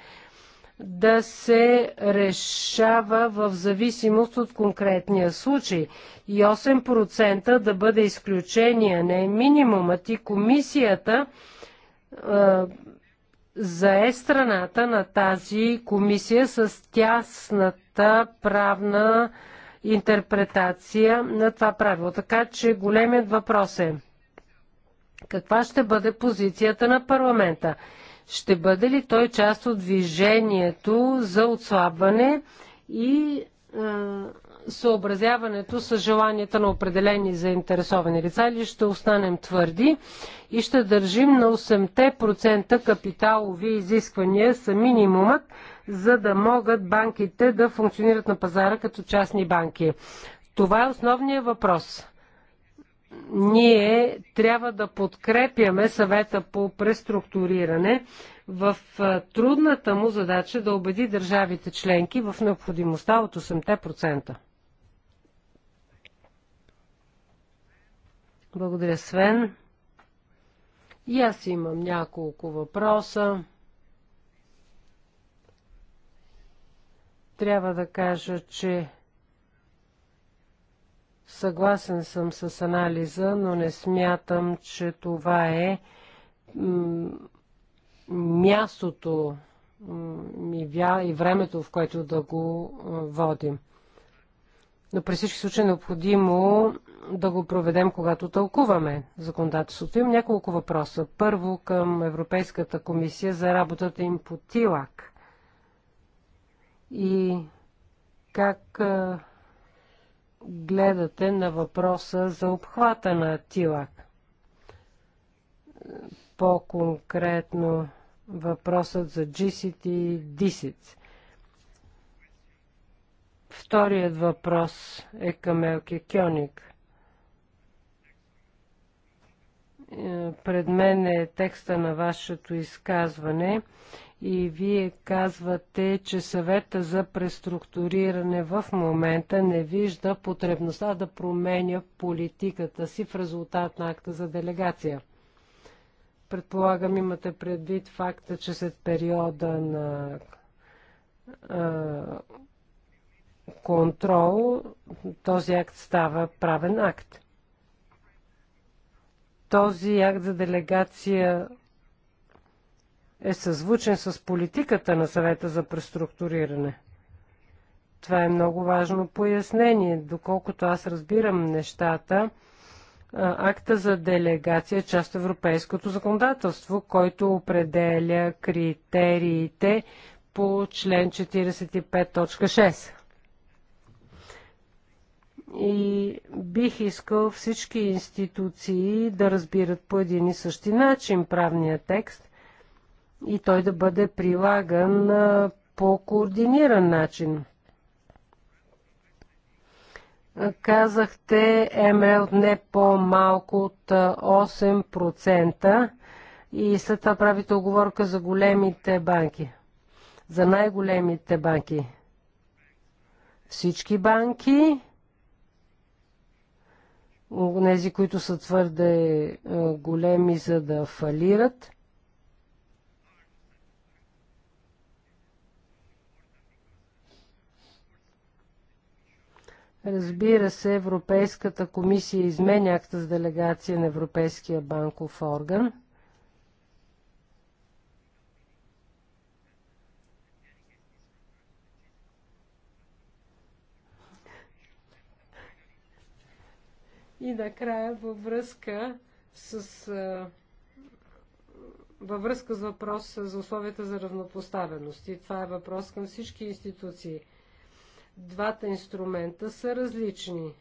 да се решава в зависимост от конкретния случай и 8% да бъде изключение, не е минимумът и комисията е, зае страната на тази комисия с тясната правна интерпретация на това правило. Така че големият въпрос е каква ще бъде позицията на парламента? Ще бъде ли той част от движението за отслабване и съобразяването с желанията на определени заинтересовани лица или ще останем твърди и ще държим на 8% капиталови изисквания са минимумът, за да могат банките да функционират на пазара като частни банки. Това е основният въпрос ние трябва да подкрепяме съвета по преструктуриране в трудната му задача да убеди държавите членки в необходимостта от 8%. Благодаря, Свен. И аз имам няколко въпроса. Трябва да кажа, че Съгласен съм с анализа, но не смятам, че това е мястото и времето, в което да го водим. Но при всички случаи е необходимо да го проведем, когато тълкуваме законодателството. Имам няколко въпроса. Първо към Европейската комисия за работата им по ТИЛАК. И как гледате на въпроса за обхвата на ТИЛАК? По-конкретно въпросът за GCT и DISIT. Вторият въпрос е към Елке Кьоник. Е, пред мен е текста на вашето изказване и вие казвате, че съвета за преструктуриране в момента не вижда потребността да променя политиката си в резултат на акта за делегация. Предполагам, имате предвид факта, че след периода на а, контрол този акт става правен акт. Този акт за делегация е съзвучен с политиката на съвета за преструктуриране. Това е много важно пояснение. Доколкото аз разбирам нещата, акта за делегация е част от европейското законодателство, който определя критериите по член 45.6. И бих искал всички институции да разбират по един и същи начин правния текст, и той да бъде прилаган по координиран начин. Казахте ML не по-малко от 8% и след това правите оговорка за големите банки. За най-големите банки. Всички банки, тези, които са твърде големи, за да фалират – Разбира се, Европейската комисия изменя акта с делегация на Европейския банков орган. И накрая във връзка с във връзка с въпроса за условията за равнопоставеност. И това е въпрос към всички институции – Двата инструмента са различни.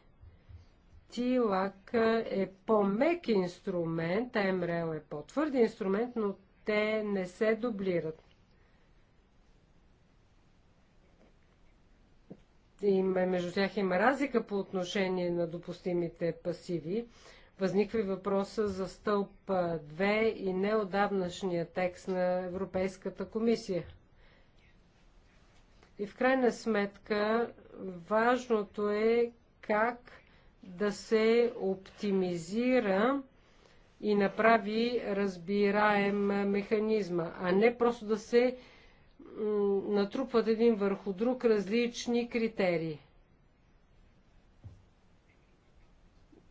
ТИЛАК е по-мек инструмент, а МРЛ е по-твърд инструмент, но те не се дублират. И е, между тях има разлика по отношение на допустимите пасиви. Възниква и въпроса за стълб 2 и неодавнашния текст на Европейската комисия – и в крайна сметка важното е как да се оптимизира и направи разбираем механизма, а не просто да се натрупват един върху друг различни критерии.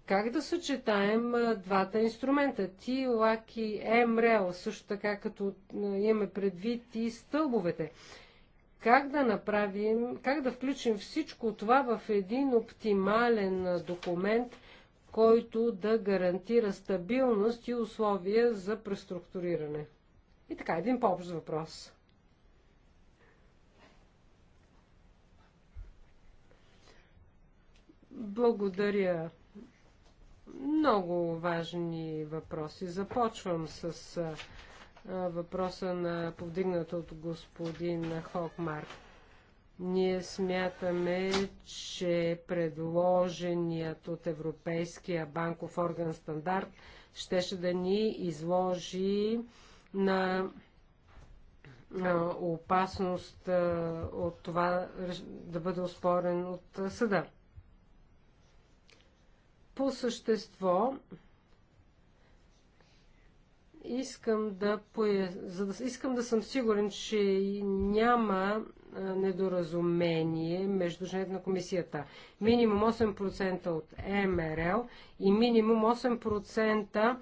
Как да съчетаем двата инструмента? Ти, лак и МРЕЛ, също така като имаме предвид и стълбовете как да направим, как да включим всичко това в един оптимален документ, който да гарантира стабилност и условия за преструктуриране. И така, един по-общ въпрос. Благодаря. Много важни въпроси. Започвам с въпроса на повдигнато от господин Хокмарк. Ние смятаме, че предложеният от Европейския банков орган стандарт щеше да ни изложи на опасност от това да бъде оспорен от съда. По същество, искам да, поя... за да искам да съм сигурен, че няма недоразумение между жените на комисията. Минимум 8% от МРЛ и минимум 8%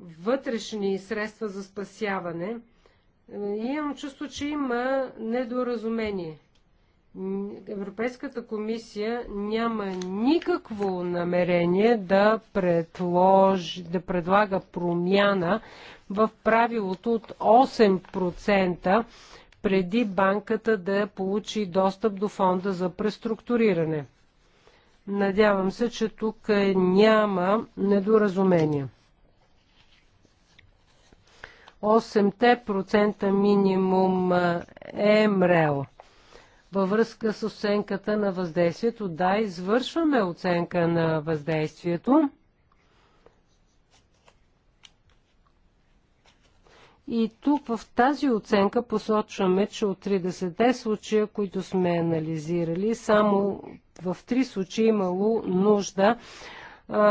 вътрешни средства за спасяване. И имам чувство, че има недоразумение. Европейската комисия няма никакво намерение да, предложи, да предлага промяна в правилото от 8% преди банката да получи достъп до фонда за преструктуриране. Надявам се, че тук няма недоразумения. 8% минимум е МРЕЛ – във връзка с оценката на въздействието. Да, извършваме оценка на въздействието. И тук в тази оценка посочваме, че от 30-те случая, които сме анализирали, само в 3 случая имало нужда а,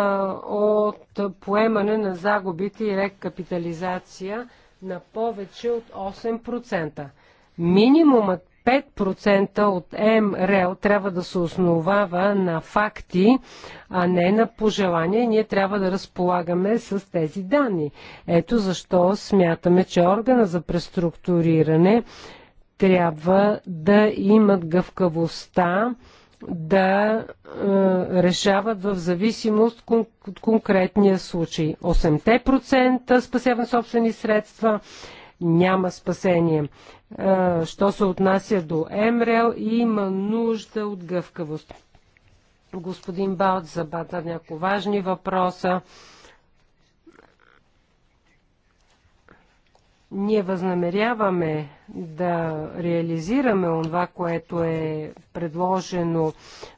от поемане на загубите и рекапитализация на повече от 8%. Минимумът 5% от МРЕЛ трябва да се основава на факти, а не на пожелания. Ние трябва да разполагаме с тези данни. Ето защо смятаме, че органа за преструктуриране трябва да имат гъвкавостта да е, решават в зависимост кон- от конкретния случай. 8% спасяване собствени средства, няма спасение. Що се отнася до МРЛ, има нужда от гъвкавост. Господин Балт забата някои важни въпроса. Ние възнамеряваме да реализираме това, което е предложено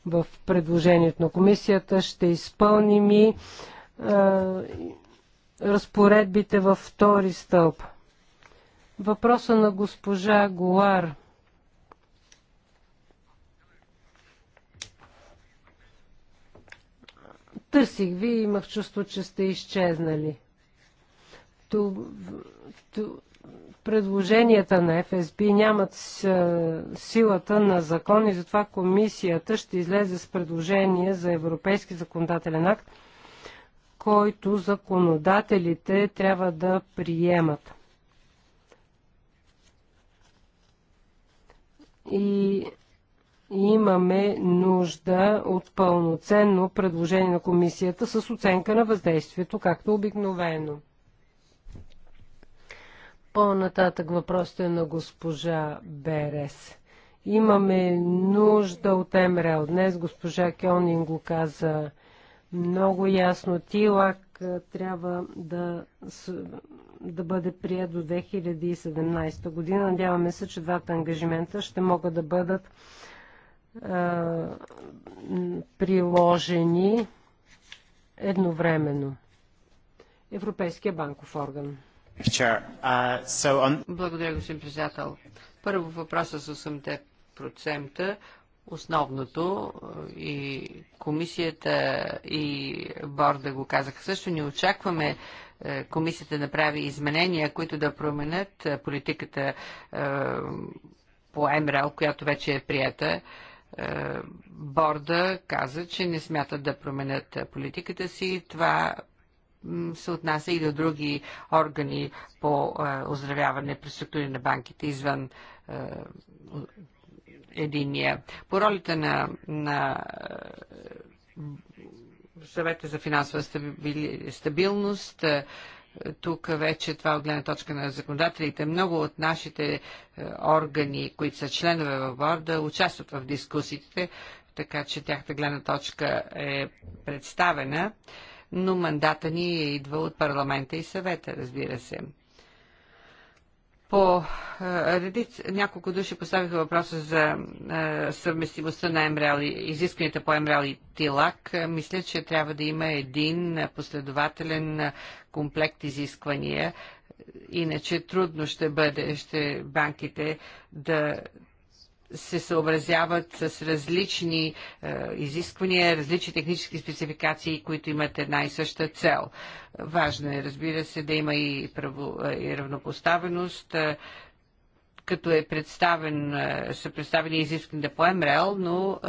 в предложението на комисията. Ще изпълним и разпоредбите във втори стълб. Въпроса на госпожа Гуар. Търсих ви и имах чувство, че сте изчезнали. Ту, ту, предложенията на ФСБ нямат силата на закон и затова комисията ще излезе с предложение за Европейски законодателен акт, който законодателите трябва да приемат. и имаме нужда от пълноценно предложение на комисията с оценка на въздействието, както обикновено. По-нататък въпросът е на госпожа Берес. Имаме нужда от МРЛ. Днес госпожа Кьонин го каза много ясно. Тилак трябва да, да бъде прият до 2017 година. Надяваме се, че двата ангажимента ще могат да бъдат е, приложени едновременно. Европейския банков орган. Uh, Благодаря, господин председател. Първо въпроса с 8%. Основното е, и комисията и борда го казаха също. Не очакваме е, комисията да прави изменения, които да променят е, политиката по МРЛ, която вече е прията. Борда каза, че не смятат да променят политиката си. Това се отнася и до други органи по оздравяване при структури на банките извън единия. По ролите на, на е, съвета за финансова стабилност, е, тук вече това е от гледна точка на законодателите. Много от нашите органи, които са членове в борда, участват в дискусиите, така че тяхната гледна точка е представена, но мандата ни идва от парламента и съвета, разбира се по е, редиц, няколко души поставиха въпроса за е, съвместимостта на МРЛ и изискванията по МРЛ и ТИЛАК. Е, мисля, че трябва да има един последователен комплект изисквания, иначе трудно ще бъде ще банките да се съобразяват с различни е, изисквания, различни технически спецификации, които имат една и съща цел. Важно е, разбира се, да има и, право, е, и равнопоставеност е, като е представен, са представени изисквания да по МРЛ, но е,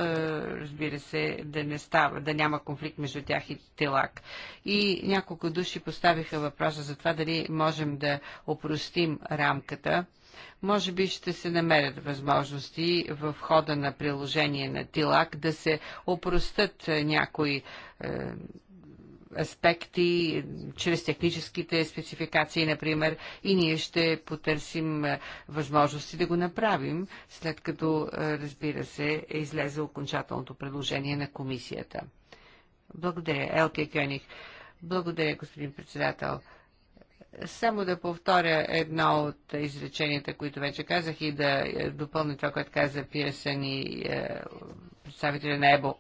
разбира се да не става, да няма конфликт между тях и ТЕЛАК. И няколко души поставиха въпроса за това дали можем да опростим рамката може би ще се намерят възможности в хода на приложение на ТИЛАК да се опростат е, някои е, аспекти, е, чрез техническите спецификации, например, и ние ще потърсим е, възможности да го направим, след като, разбира се, е излезе окончателното предложение на комисията. Благодаря, Елке Кьоних. Благодаря, господин председател. Само да повторя едно от изреченията, които вече казах и да е, допълня това, което каза Пирсън и е, представителя на ЕБО.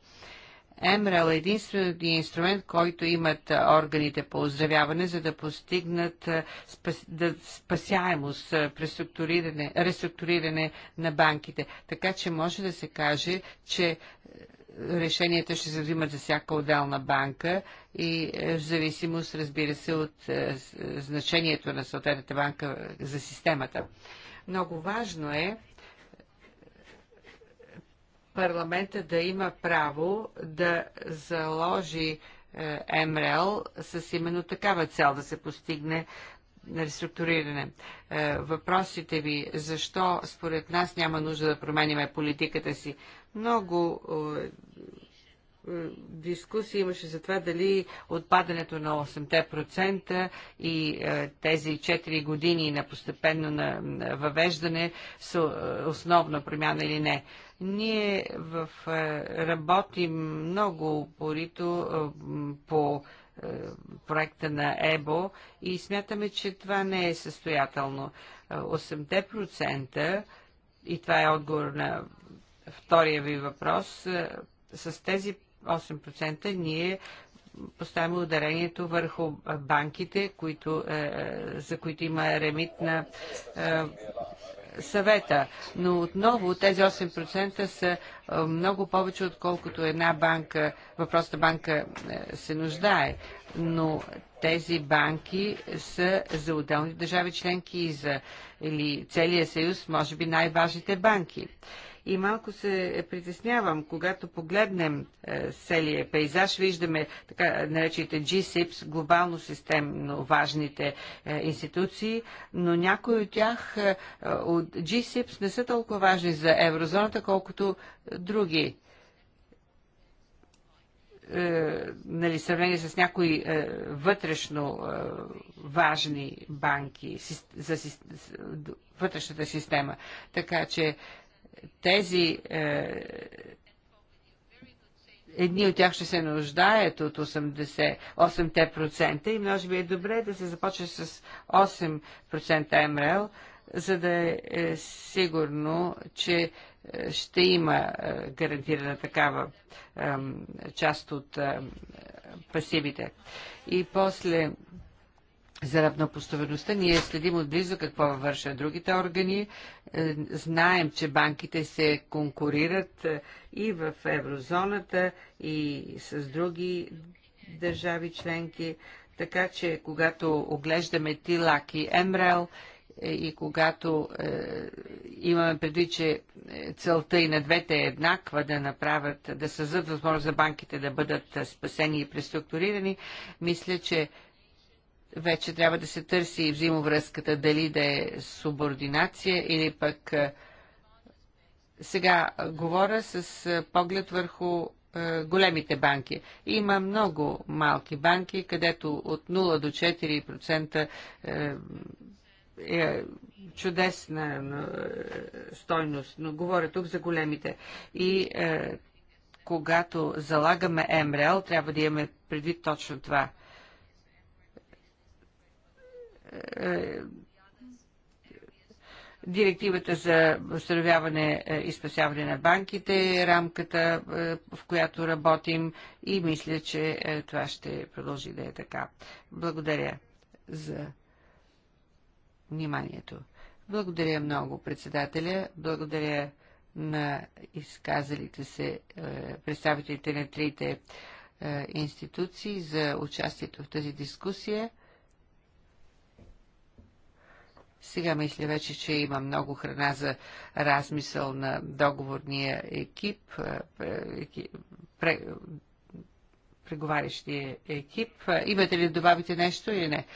МРЛ е единственият инструмент, който имат е, органите по оздравяване, за да постигнат е, спас, да, спасяемост, преструктуриране, реструктуриране на банките. Така че може да се каже, че решенията ще се взимат за всяка отделна банка и е, в зависимост, разбира се, от е, е, значението на съответната банка за системата. Много важно е парламента да има право да заложи МРЛ с именно такава цел да се постигне реструктуриране. Нали, е, въпросите ви, защо според нас няма нужда да променяме политиката си? Много е, е, дискусии имаше за това дали отпадането на 8% и тези 4 години на постепенно на, въвеждане са основна промяна или не. Ние в, работим много упорито по е, проекта на ЕБО и смятаме, че това не е състоятелно. 8%, е, и това е отговор на втория ви въпрос, е, с тези 8% ние поставяме ударението върху банките, които, за които има ремит на съвета. Но отново тези 8% са много повече, отколкото една банка, въпросната банка е, се нуждае. Но тези банки са за отделни държави членки и за или целия съюз, може би най-важните банки и малко се притеснявам, когато погледнем е, целия пейзаж, виждаме така наречените GSIPs, глобално системно важните е, институции, но някои от тях е, от GSIPs не са толкова важни за еврозоната, колкото други нали, сравнение с някои е, вътрешно е, важни банки си, за си, вътрешната система. Така че тези е, едни от тях ще се нуждаят от 80, 8% и може би е добре да се започне с 8% МРЛ, за да е сигурно, че е, ще има е, гарантирана такава част от пасивите. И после за равнопоставеността. Ние следим отблизо какво вършат другите органи. Е, знаем, че банките се конкурират е, и в еврозоната, и с други държави членки. Така че, когато оглеждаме ТИЛАК и МРЕЛ, е, и когато е, имаме предвид, че целта и на двете е еднаква да направят, да създадат възможност за банките да бъдат спасени и преструктурирани, мисля, че вече трябва да се търси взаимовръзката, дали да е субординация или пък сега говоря с поглед върху големите банки. Има много малки банки, където от 0 до 4% е, е чудесна е, стойност, но говоря тук за големите. И е, когато залагаме МРЛ, трябва да имаме предвид точно това – е, директивата за установяване е, и спасяване на банките, е рамката, в която работим и мисля, че това ще продължи да е така. Благодаря за вниманието. Благодаря много, председателя. Благодаря на изказалите се представителите на трите институции за участието в тази дискусия. Сега мисля вече, че има много храна за размисъл на договорния екип, е, е, преговарящия екип. Е, имате ли да добавите нещо или не?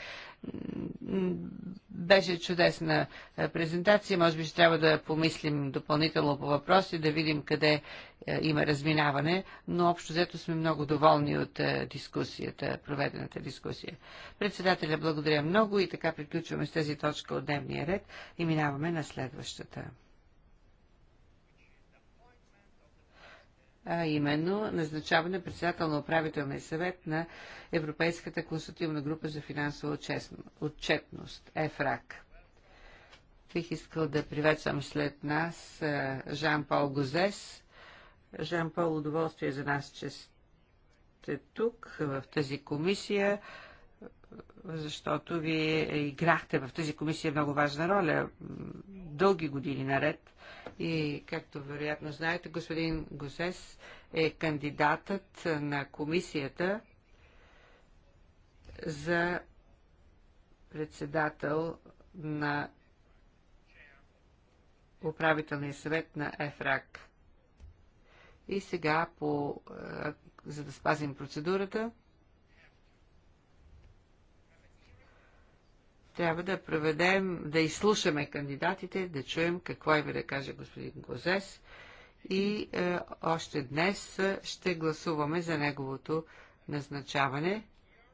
Беше чудесна е, презентация. Може би ще трябва да помислим допълнително по въпроси, да видим къде е, има разминаване, но общо взето сме много доволни от е, дискусията, проведената дискусия. Председателя, благодаря много и така приключваме с тази точка от дневния ред и минаваме на следващата. а именно назначаване председател на управителния съвет на Европейската консултативна група за финансова отчетност, ЕФРАК. Бих искал да приветствам след нас Жан-Пол Гозес. Жан-Пол, удоволствие за нас, че сте тук в тази комисия защото вие играхте в тази комисия много важна роля дълги години наред. И както вероятно знаете, господин Госес е кандидатът на комисията за председател на управителния съвет на ЕФРАК. И сега, по, за да спазим процедурата, Трябва да проведем, да изслушаме кандидатите, да чуем какво има да каже господин Гозес и е, още днес е, ще гласуваме за неговото назначаване.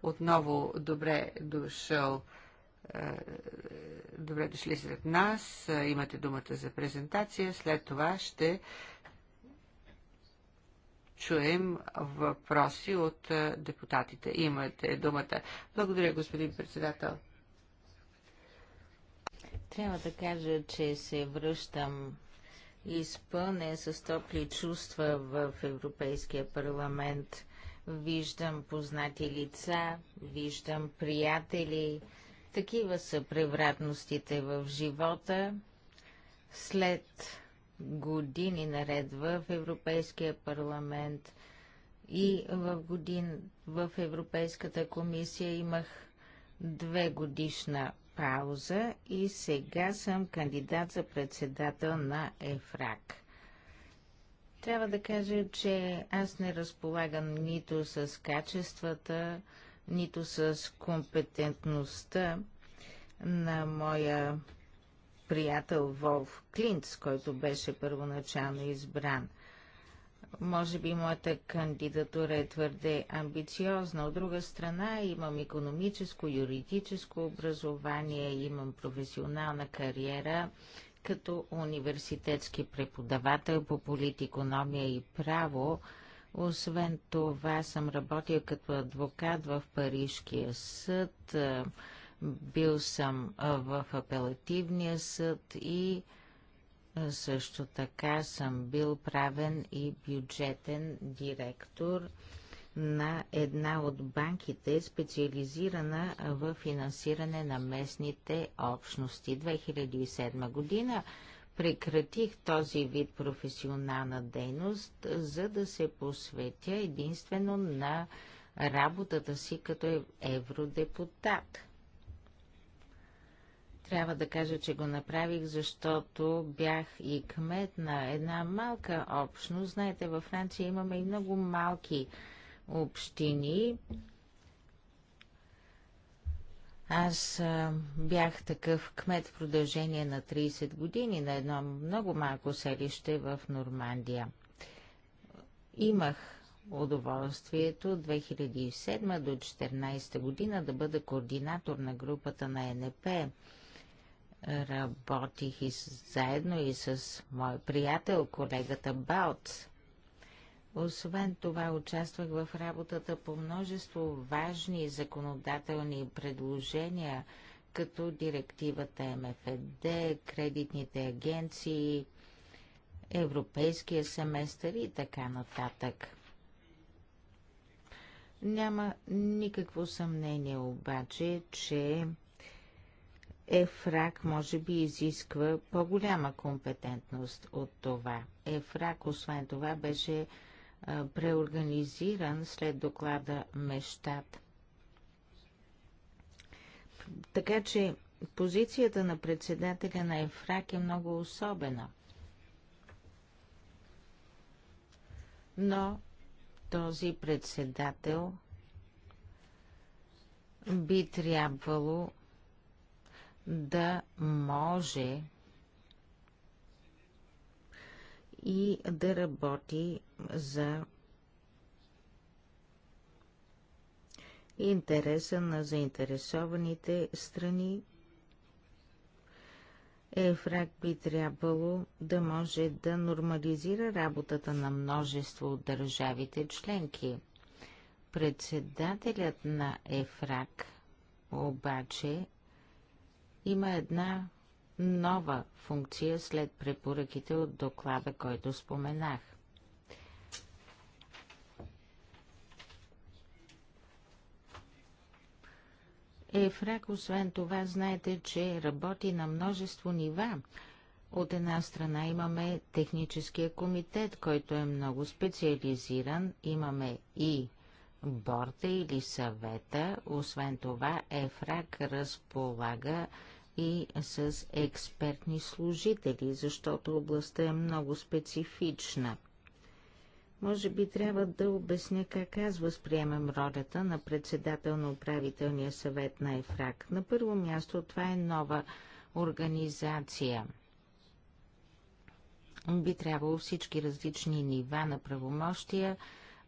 Отново добре дошъл е, добре дошли сред нас. Е, имате думата за презентация. След това ще чуем въпроси от депутатите. Имате думата. Благодаря, господин председател. Трябва да кажа, че се връщам изпълнен с топли чувства в Европейския парламент. Виждам познати лица, виждам приятели. Такива са превратностите в живота. След години наред в Европейския парламент и в годин в Европейската комисия имах две годишна пауза и сега съм кандидат за председател на ЕФРАК. Трябва да кажа, че аз не разполагам нито с качествата, нито с компетентността на моя приятел Волф Клинц, който беше първоначално избран – може би моята кандидатура е твърде амбициозна. От друга страна имам економическо, юридическо образование, имам професионална кариера като университетски преподавател по политикономия и право. Освен това съм работил като адвокат в Парижкия съд, бил съм в апелативния съд и също така съм бил правен и бюджетен директор на една от банките, специализирана в финансиране на местните общности. 2007 година прекратих този вид професионална дейност, за да се посветя единствено на работата си като евродепутат. Трябва да кажа, че го направих, защото бях и кмет на една малка общност. Знаете, във Франция имаме и много малки общини. Аз а, бях такъв кмет в продължение на 30 години на едно много малко селище в Нормандия. Имах удоволствието 2007 до 2014 година да бъда координатор на групата на НП Работих и с, заедно и с мой приятел, колегата Балц. Освен това, участвах в работата по множество важни законодателни предложения, като директивата МФД, кредитните агенции, европейския семестър и така нататък. Няма никакво съмнение обаче, че ЕФРАК може би изисква по-голяма компетентност от това. ЕФРАК, освен това, беше преорганизиран след доклада Мещат. Така че позицията на председателя на ЕФРАК е много особена. Но този председател би трябвало да може и да работи за интереса на заинтересованите страни. Ефрак би трябвало да може да нормализира работата на множество от държавите членки. Председателят на Ефрак обаче има една нова функция след препоръките от доклада, който споменах. Ефрак, освен това, знаете, че работи на множество нива. От една страна имаме техническия комитет, който е много специализиран. Имаме и борта или съвета. Освен това, Ефрак разполага и с експертни служители, защото областта е много специфична. Може би трябва да обясня как аз възприемам ролята на председател на управителния съвет на ЕФРАК. На първо място това е нова организация. Би трябвало всички различни нива на правомощия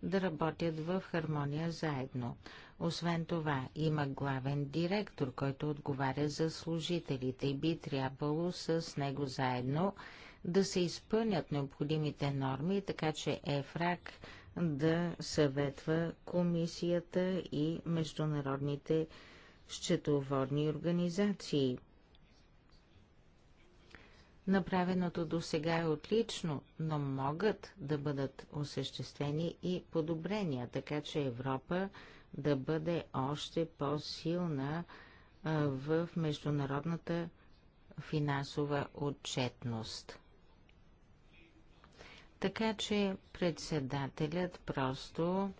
да работят в хармония заедно. Освен това, има главен директор, който отговаря за служителите и би трябвало с него заедно да се изпълнят необходимите норми, така че ЕФРАК да съветва комисията и международните счетоводни организации. Направеното до сега е отлично, но могат да бъдат осъществени и подобрения, така че Европа да бъде още по-силна в международната финансова отчетност. Така че председателят просто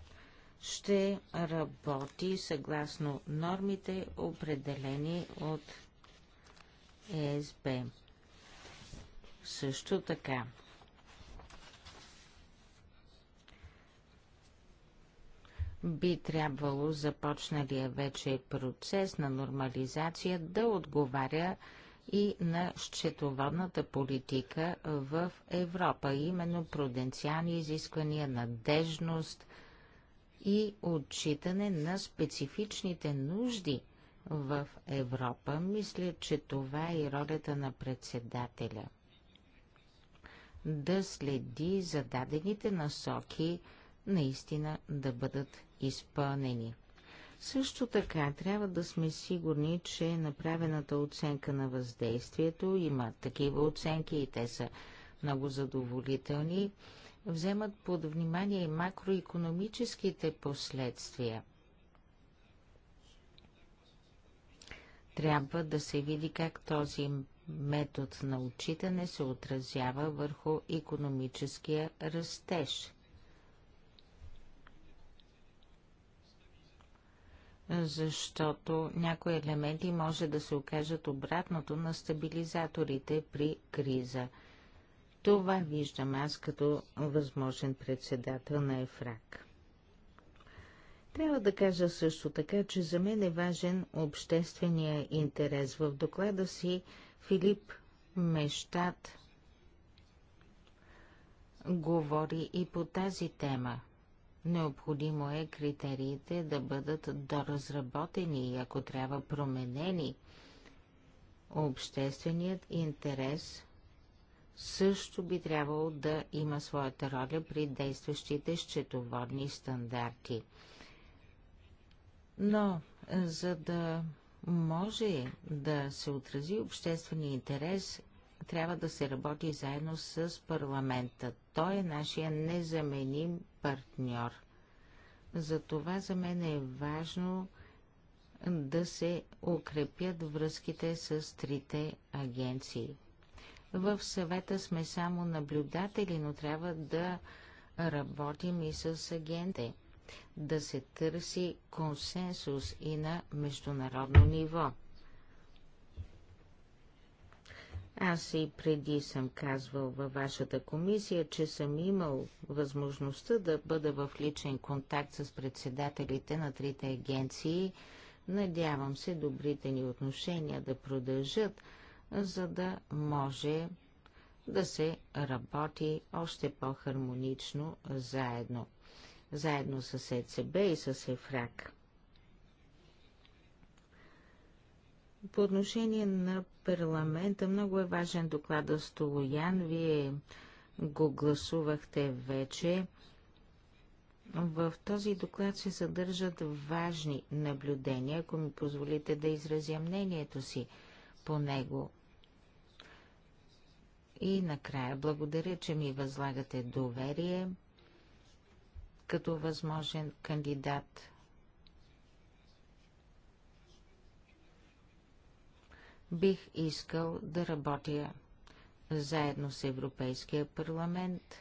ще работи съгласно нормите, определени от ЕСБ. Също така, би трябвало започналия вече процес на нормализация да отговаря и на счетоводната политика в Европа, именно пруденциални изисквания, надежност и отчитане на специфичните нужди в Европа. Мисля, че това е и ролята на председателя. Да следи зададените насоки наистина да бъдат изпълнени. Също така трябва да сме сигурни, че направената оценка на въздействието има такива оценки и те са много задоволителни, вземат под внимание и макроекономическите последствия. Трябва да се види как този метод на отчитане се отразява върху економическия растеж – защото някои елементи може да се окажат обратното на стабилизаторите при криза. Това виждам аз като възможен председател на ЕФРАК. Трябва да кажа също така, че за мен е важен обществения интерес. В доклада си Филип Мещат говори и по тази тема. Необходимо е критериите да бъдат доразработени и ако трябва променени. Общественият интерес също би трябвало да има своята роля при действащите счетоводни стандарти. Но за да може да се отрази обществения интерес трябва да се работи заедно с парламента. Той е нашия незаменим партньор. Затова за мен е важно да се укрепят връзките с трите агенции. В съвета сме само наблюдатели, но трябва да работим и с агенте, да се търси консенсус и на международно ниво. Аз и преди съм казвал във вашата комисия, че съм имал възможността да бъда в личен контакт с председателите на трите агенции. Надявам се добрите ни отношения да продължат, за да може да се работи още по-хармонично заедно. Заедно с ЕЦБ и с ЕФРАК. По отношение на парламента, много е важен доклада Столоян. Вие го гласувахте вече. В този доклад се съдържат важни наблюдения, ако ми позволите да изразя мнението си по него. И накрая благодаря, че ми възлагате доверие като възможен кандидат бих искал да работя заедно с Европейския парламент,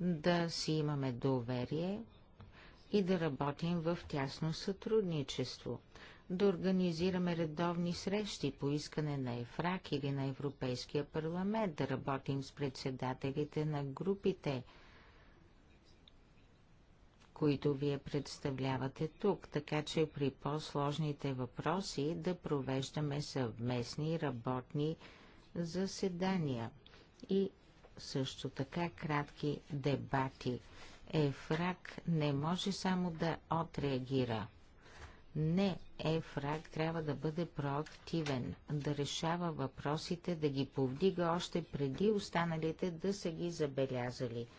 да си имаме доверие и да работим в тясно сътрудничество, да организираме редовни срещи по искане на ЕФРАК или на Европейския парламент, да работим с председателите на групите – които вие представлявате тук, така че при по-сложните въпроси да провеждаме съвместни работни заседания и също така кратки дебати. Ефрак не може само да отреагира. Не, Ефрак трябва да бъде проактивен, да решава въпросите, да ги повдига още преди останалите да са ги забелязали –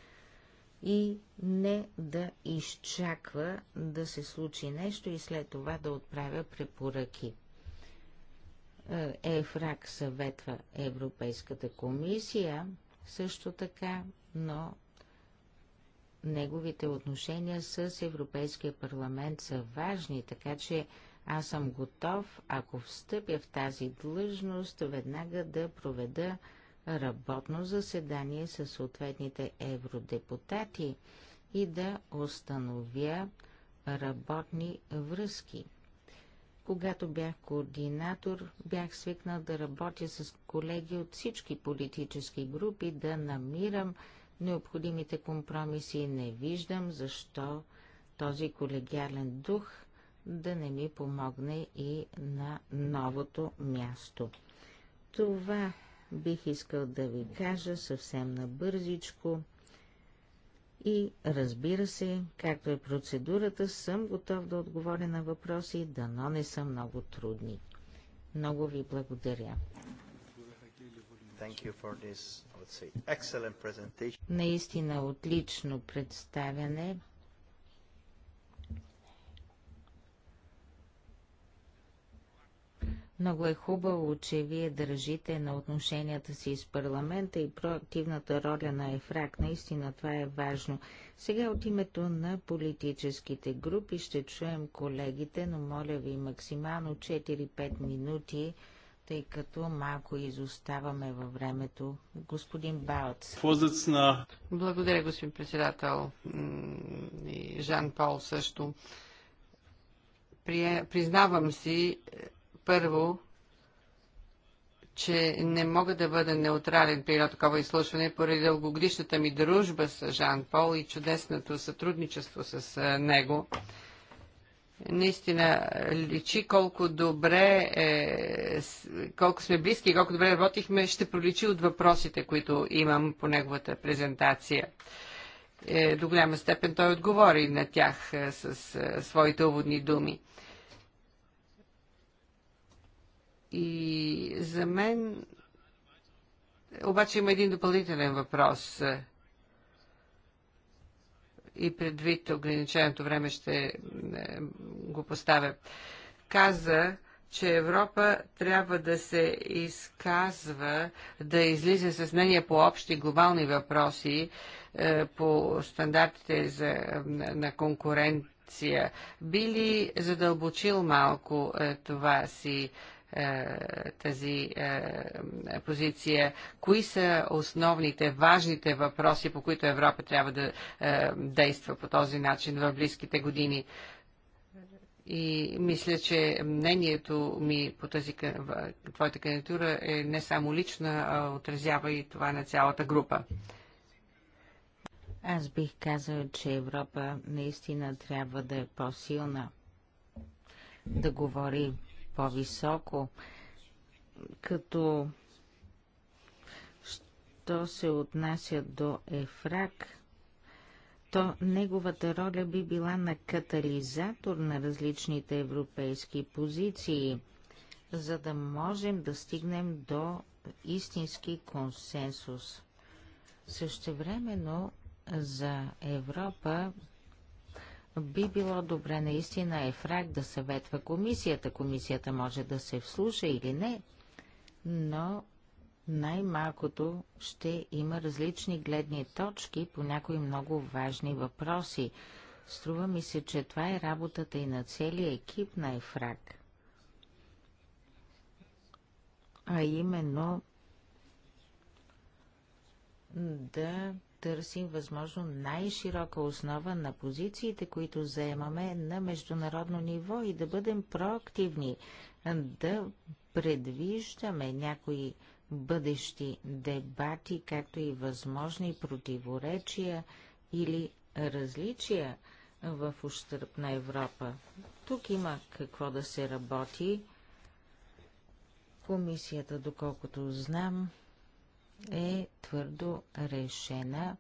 и не да изчаква да се случи нещо и след това да отправя препоръки. Е, ЕФРАК съветва Европейската комисия също така, но неговите отношения с Европейския парламент са важни, така че аз съм готов, ако встъпя в тази длъжност, веднага да проведа работно заседание с съответните евродепутати и да установя работни връзки. Когато бях координатор, бях свикнал да работя с колеги от всички политически групи, да намирам необходимите компромиси и не виждам защо този колегиален дух да не ми помогне и на новото място. Това бих искал да ви кажа съвсем набързичко. И разбира се, както е процедурата, съм готов да отговоря на въпроси, дано не са много трудни. Много ви благодаря. This, say, Наистина отлично представяне. Много е хубаво, че вие държите на отношенията си с парламента и проактивната роля на ЕФРАК. Наистина това е важно. Сега от името на политическите групи ще чуем колегите, но моля ви максимално 4-5 минути, тъй като малко изоставаме във времето. Господин Баоц. Благодаря, господин председател. И Жан Пол също. Признавам си, първо, че не мога да бъда неутрален при едно такова изслушване, поради дългогодишната ми дружба с Жан Пол и чудесното сътрудничество с него. Наистина личи колко добре, е, колко сме близки и колко добре работихме, ще проличи от въпросите, които имам по неговата презентация. Е, до голяма степен той отговори на тях с е, своите уводни думи. И за мен обаче има един допълнителен въпрос. И предвид ограниченото време ще е, го поставя. Каза, че Европа трябва да се изказва, да излиза с мнение по общи глобални въпроси, е, по стандартите за, на конкуренция. Би ли задълбочил малко е, това си е, тази е, позиция? Кои са основните, важните въпроси, по които Европа трябва да е, действа по този начин в близките години? И мисля, че мнението ми по тази твоята кандидатура е не само лична, а отразява и това на цялата група. Аз бих казал, че Европа наистина трябва да е по-силна, да говори по-високо, като що се отнася до Ефрак, то неговата роля би била на катализатор на различните европейски позиции, за да можем да стигнем до истински консенсус. Същевременно за Европа би било добре наистина Ефрак да съветва комисията. Комисията може да се вслуша или не, но най-малкото ще има различни гледни точки по някои много важни въпроси. Струва ми се, че това е работата и на целия екип на Ефрак. А именно да търсим възможно най-широка основа на позициите, които заемаме на международно ниво и да бъдем проактивни, да предвиждаме някои бъдещи дебати, както и възможни противоречия или различия в ущърп на Европа. Тук има какво да се работи. Комисията, доколкото знам, е твърдо решена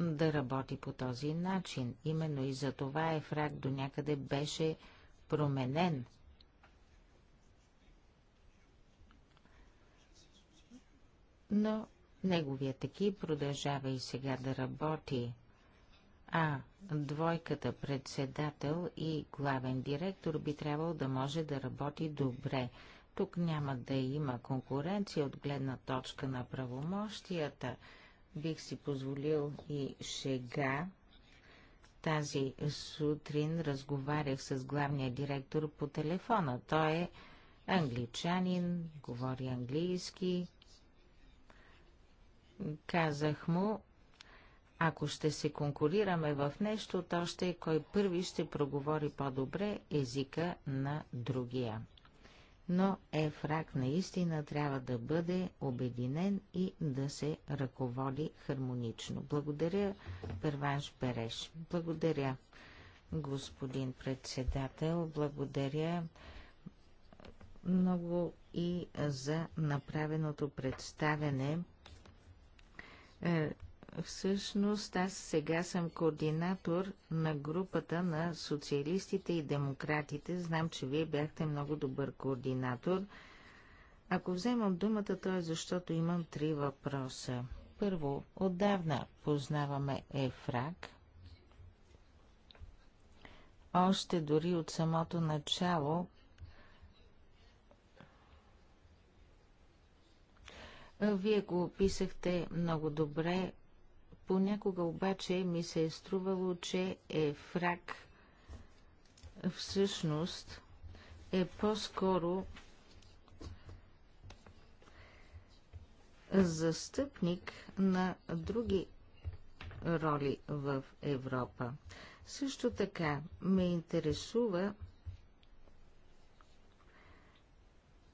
да работи по този начин. Именно и за това Ефрак до някъде беше променен. Но неговият таки продължава и сега да работи. А двойката председател и главен директор би трябвало да може да работи добре. Тук няма да има конкуренция от гледна точка на правомощията. Бих си позволил и шега. Тази сутрин разговарях с главния директор по телефона. Той е англичанин, говори английски. Казах му, ако ще се конкурираме в нещо, то ще е кой първи ще проговори по-добре езика на другия но Ефрак наистина трябва да бъде обединен и да се ръководи хармонично. Благодаря, Перванш Береш. Благодаря, господин председател. Благодаря много и за направеното представене. Е, Всъщност аз сега съм координатор на групата на социалистите и демократите. Знам, че вие бяхте много добър координатор. Ако вземам думата, то е защото имам три въпроса. Първо, отдавна познаваме Ефрак. Още дори от самото начало Вие го описахте много добре. Понякога обаче ми се е струвало, че Ефрак всъщност е по-скоро застъпник на други роли в Европа. Също така ме интересува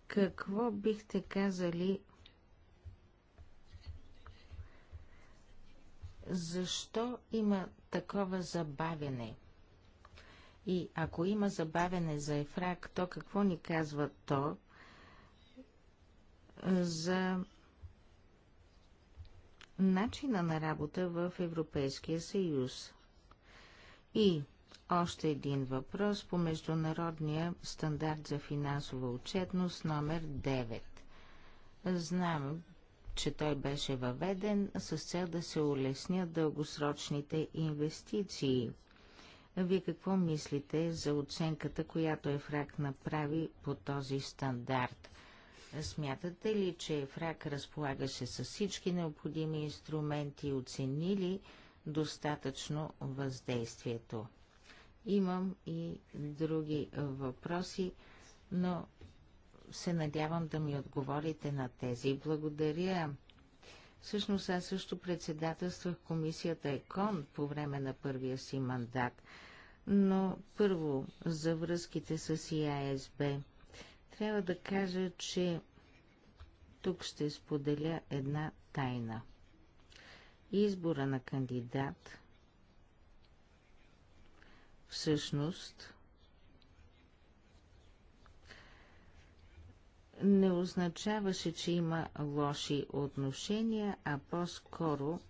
какво бихте казали защо има такова забавяне. И ако има забавяне за Ефрак, то какво ни казва то за начина на работа в Европейския съюз? И още един въпрос по Международния стандарт за финансова отчетност номер 9. Знам, че той беше въведен с цел да се улеснят дългосрочните инвестиции. Вие какво мислите за оценката, която ЕФРАК направи по този стандарт? Смятате ли, че ЕФРАК разполагаше с всички необходими инструменти и оценили достатъчно въздействието? Имам и други въпроси, но се надявам да ми отговорите на тези. Благодаря. Всъщност аз също председателствах комисията ЕКОН по време на първия си мандат. Но първо за връзките с ИАСБ. Трябва да кажа, че тук ще споделя една тайна. Избора на кандидат всъщност не означаваше, че има лоши отношения, а по-скоро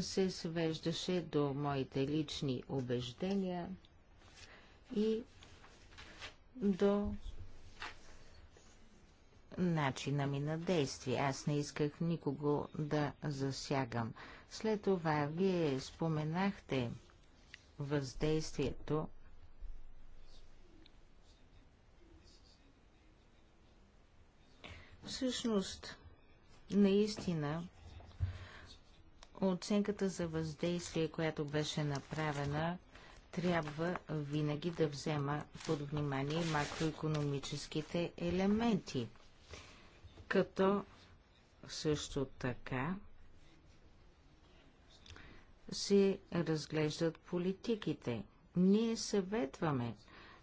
се свеждаше до моите лични убеждения и до начина ми на действие. Аз не исках никого да засягам. След това вие споменахте въздействието Всъщност, наистина, оценката за въздействие, която беше направена, трябва винаги да взема под внимание макроекономическите елементи, като също така се разглеждат политиките. Ние съветваме.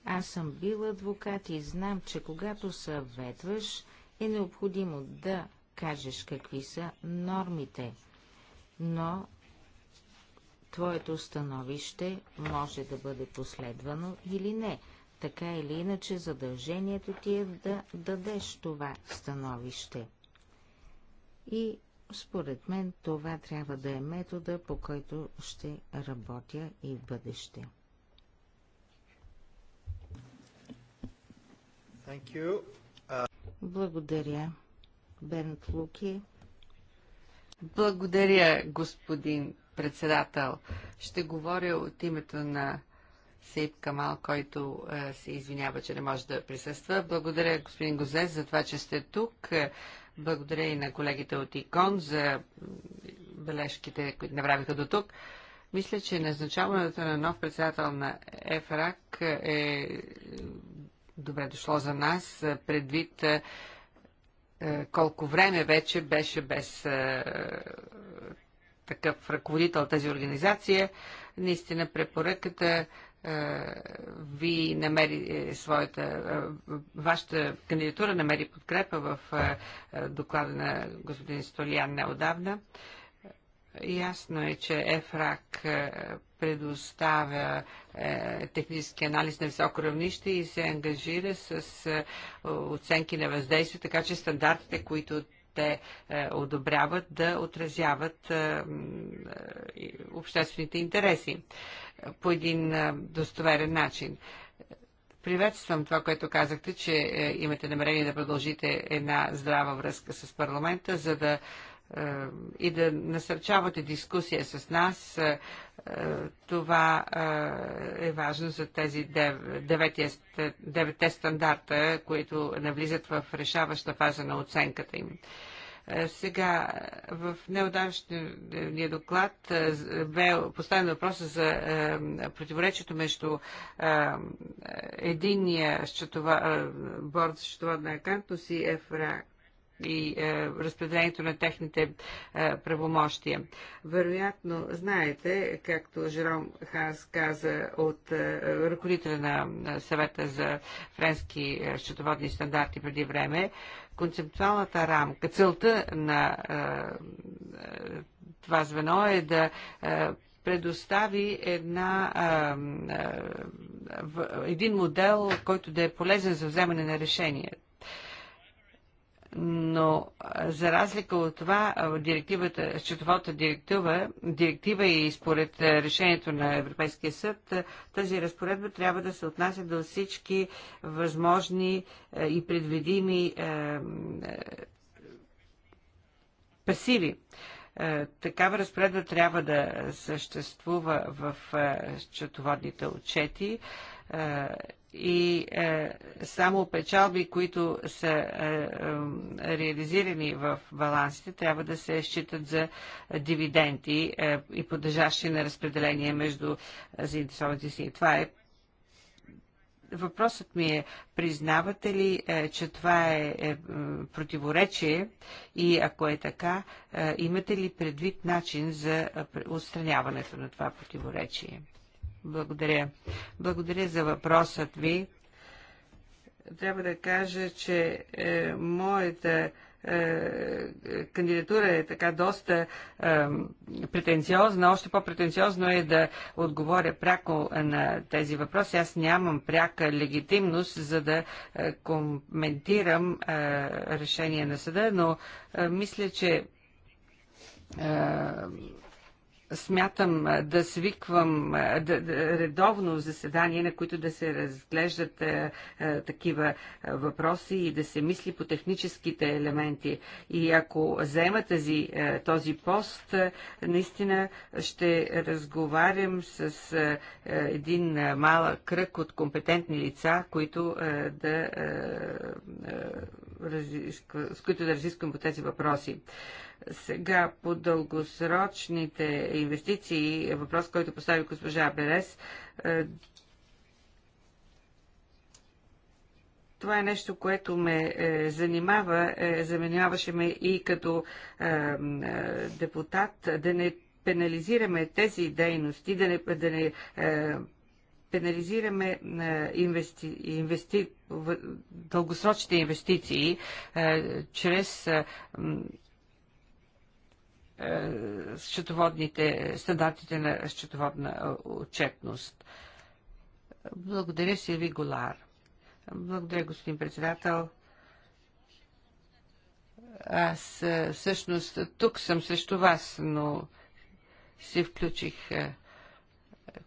Аз съм бил адвокат и знам, че когато съветваш, е необходимо да кажеш какви са нормите, но твоето становище може да бъде последвано или не. Така или иначе задължението ти е да дадеш това становище. И според мен това трябва да е метода, по който ще работя и в бъдеще. Thank you. Благодаря, Бент Луки. Благодаря, господин председател. Ще говоря от името на Сейп Камал, който е, се извинява, че не може да присъства. Благодаря, господин Гозес, за това, че сте тук. Благодаря и на колегите от ИКОН за бележките, които направиха до тук. Мисля, че назначаването на нов председател на ЕФРАК е добре дошло за нас, предвид колко време вече беше без такъв ръководител тази организация. Наистина препоръката ви намери е, своята, вашата кандидатура намери подкрепа в доклада на господин Столиян неодавна. Ясно е, че ЕФРАК е, предоставя е, технически анализ на високо равнище и се ангажира с е, оценки на въздействие, така че стандартите, които те е, одобряват да отразяват е, е, обществените интереси по един достоверен начин. Приветствам това, което казахте, че имате намерение да продължите една здрава връзка с парламента, за да е, и да насърчавате дискусия с нас. Е, е, това е важно за тези девете стандарта, които навлизат в решаваща фаза на оценката им. Сега, в неудачния доклад бе поставен въпроса за противоречието между единия борд за счетоводна акантност и ефрак и е, разпределението на техните е, правомощия. Вероятно, знаете, както Жером Ханс каза от е, ръководителя на съвета за френски е, счетоводни стандарти преди време, концептуалната рамка, целта на е, е това звено е да е, предостави една, а, е, а, в, един модел, който да е полезен за вземане на решения но за разлика от това, директивата, счетовата директива, директива и според решението на Европейския съд, тази разпоредба трябва да се отнася до всички възможни и предвидими пасиви такава разпоредба трябва да съществува в счетоводните отчети и е, само печалби, които са е, е, реализирани в балансите, трябва да се считат за дивиденти е, и подлежащи на разпределение между заинтересованите си. Това е Въпросът ми е, признавате ли, е, че това е, е противоречие и ако е така, е, имате ли предвид начин за е, отстраняването на това противоречие? Благодаря. Благодаря за въпросът ви. Трябва да кажа, че е, моята е, кандидатура е така доста е, претенциозна. Още по-претенциозно е да отговоря пряко на тези въпроси. Аз нямам пряка легитимност, за да е, коментирам е, решение на съда, но е, мисля, че е, смятам да свиквам редовно заседание, на които да се разглеждат такива въпроси и да се мисли по техническите елементи. И ако заема тази, този пост, наистина ще разговарям с един малък кръг от компетентни лица, които да с които да разискам по тези въпроси. Сега по дългосрочните инвестиции, въпрос, който постави госпожа Берес, е, това е нещо, което ме е, занимава, е, заменяваше ме и като е, е, депутат, да не пенализираме тези дейности, да не, да не е, пенализираме е, инвести, инвести, дългосрочните инвестиции е, чрез е, е, счетоводните, стандартите на счетоводна е, отчетност. Благодаря, Силви Голар. Благодаря, господин председател. Аз е, всъщност тук съм срещу вас, но си включих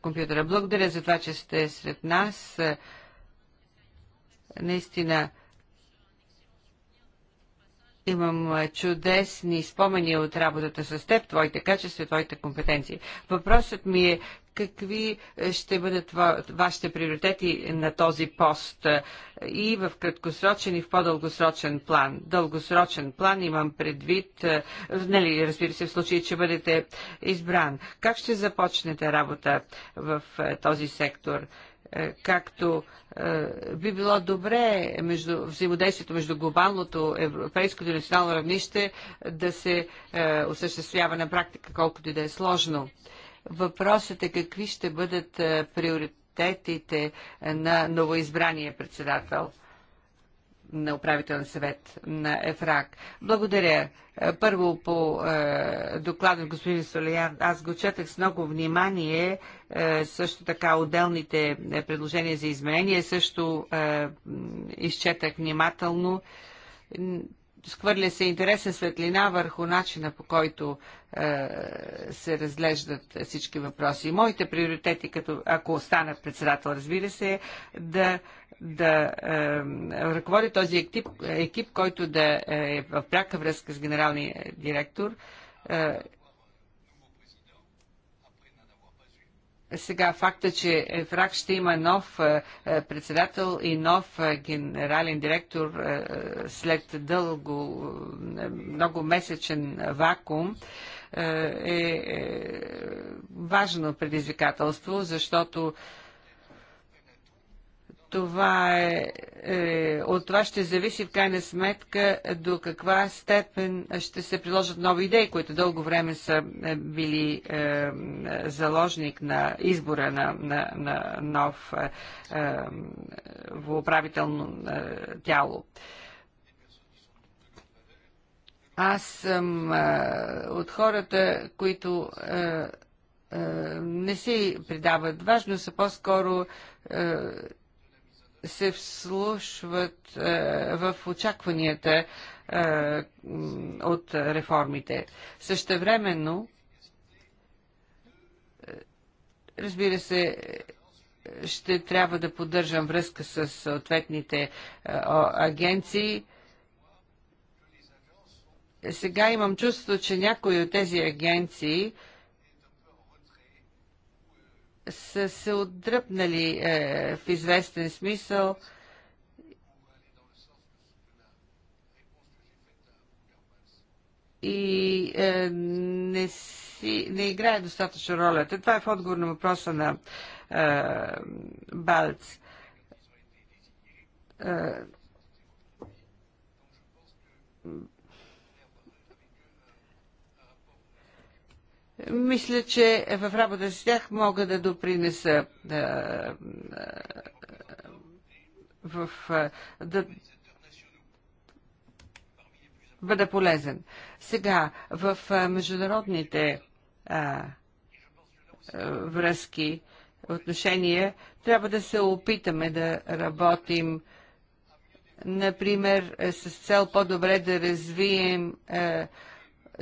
компютъра. Благодаря за това, че сте сред нас. Наистина, Имам чудесни спомени от работата с теб, твоите качества, твоите компетенции. Въпросът ми е какви ще бъдат вашите приоритети на този пост и в краткосрочен и в по-дългосрочен план. Дългосрочен план имам предвид, нали, разбира се, в случай, че бъдете избран. Как ще започнете работа в този сектор? Е, както е, би било добре между, взаимодействието между глобалното европейското и национално равнище да се е, осъществява на практика, колкото и да е сложно. Въпросът е какви ще бъдат приоритетите на новоизбрания председател на управителен съвет на ЕФРАК. Благодаря. Е, първо по е, доклада на господин Солиян, аз го четах с много внимание, е, също така отделните е, предложения за изменение също е, изчетах внимателно Схвърля се интересна светлина върху начина по който е, се разглеждат всички въпроси. Моите приоритети, като, ако остана председател, разбира се, да, да е, ръководя този екип, екип, който да е, е в пряка връзка с генералния директор. Е, Сега факта, че Фрак е ще има нов е, е, председател и нов генерален директор след дълго, много месечен вакуум, е важно предизвикателство, защото това е, е, от това ще зависи в крайна сметка до каква степен ще се приложат нови идеи, които дълго време са е, били е, заложник на избора на, на, на нов е, е управително е, тяло. Аз съм е, от хората, които е, е не се придават важно, са по-скоро е, се вслушват е, в очакванията е, от реформите. Същевременно, е, разбира се, ще трябва да поддържам връзка с съответните агенции. Сега имам чувство, че някои от тези агенции са се отдръпнали е, в известен смисъл. И е, не, си, не играе достатъчно ролята. Това е в отговор на въпроса на е, Балц. Е, е, Мисля, че в работа с тях мога да допринеса да, в, да бъда полезен. Сега, в международните а, връзки, отношения, трябва да се опитаме да работим, например, с цел по-добре да развием а,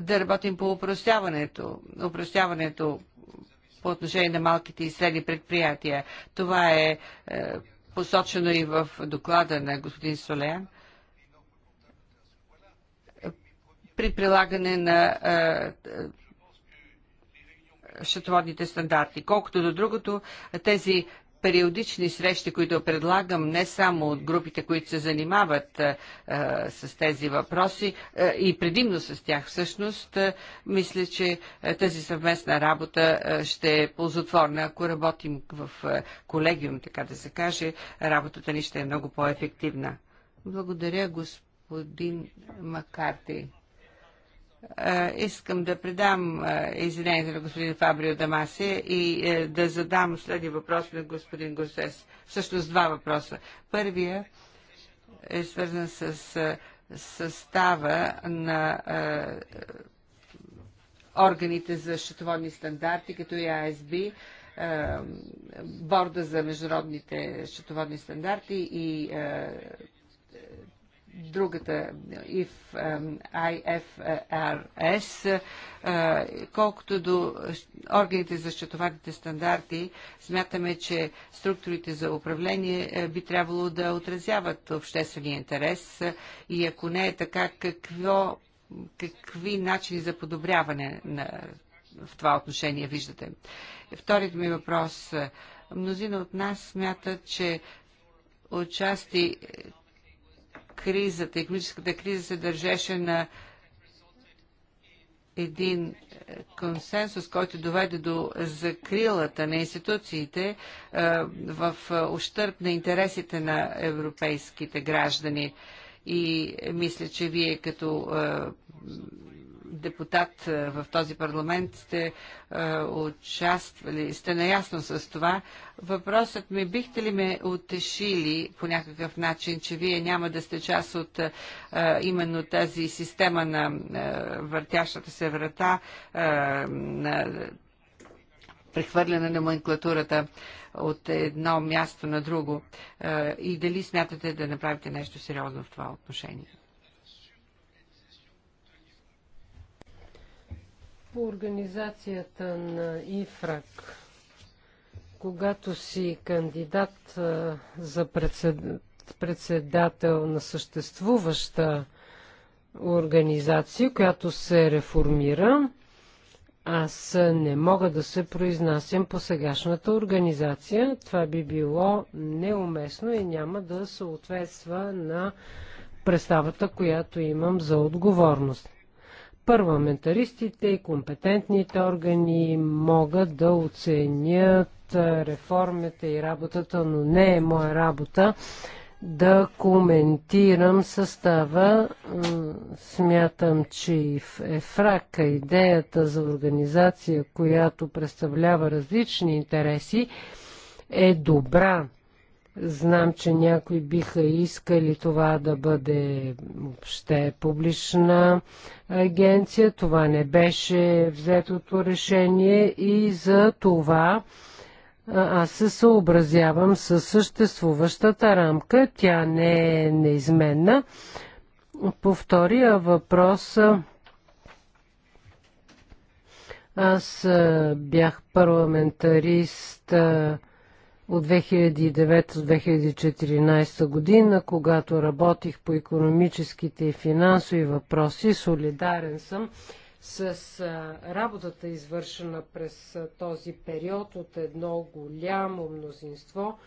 да работим по упростяването, упростяването по отношение на малките и средни предприятия. Това е, е посочено и в доклада на господин Солеян. при прилагане на е, е счетоводните стандарти. Колкото до другото, тези периодични срещи, които предлагам не само от групите, които се занимават а, с тези въпроси а, и предимно с тях всъщност, а, мисля, че а, тази съвместна работа а, ще е ползотворна. Ако работим в а, колегиум, така да се каже, работата ни ще е много по-ефективна. Благодаря, господин Макарти. Е, искам да предам е, извинението на господин Фабрио Дамасе и е, да задам следния въпрос на господин Госес. Всъщност два въпроса. Първия е свързан с състава на органите за счетоводни стандарти, като и АСБ, борда за международните счетоводни стандарти и другата if, IFRS, е, колкото до органите за счетоварните стандарти, смятаме, че структурите за управление е, би трябвало да отразяват обществения интерес и ако не е така, какво, какви начини за подобряване на, в това отношение виждате? Вторият ми въпрос. Мнозина от нас смятат, че отчасти кризата, економическата криза се държеше на един е, консенсус, който доведе до закрилата на институциите е, в е, ущърп на интересите на европейските граждани. И мисля, че вие като депутат е, в този парламент сте е, участвали, сте наясно с това. Въпросът ми, бихте ли ме утешили по някакъв начин, че вие няма да сте част от е, именно тази система на въртящата се врата, на прехвърляне на номенклатурата от едно място на друго и дали смятате да направите нещо сериозно в това отношение? по организацията на ИФРАК, когато си кандидат за председател на съществуваща организация, която се реформира, аз не мога да се произнасям по сегашната организация. Това би било неуместно и няма да съответства на представата, която имам за отговорност парламентаристите и компетентните органи могат да оценят реформите и работата, но не е моя работа да коментирам състава. Смятам, че и в Ефрака идеята за организация, която представлява различни интереси, е добра Знам, че някои биха искали това да бъде въобще публична агенция. Това не беше взетото решение и за това аз се съобразявам с съществуващата рамка. Тя не е неизменна. По втория въпрос аз бях парламентарист от 2009-2014 година, когато работих по економическите и финансови въпроси. Солидарен съм с работата, извършена през този период от едно голямо мнозинство,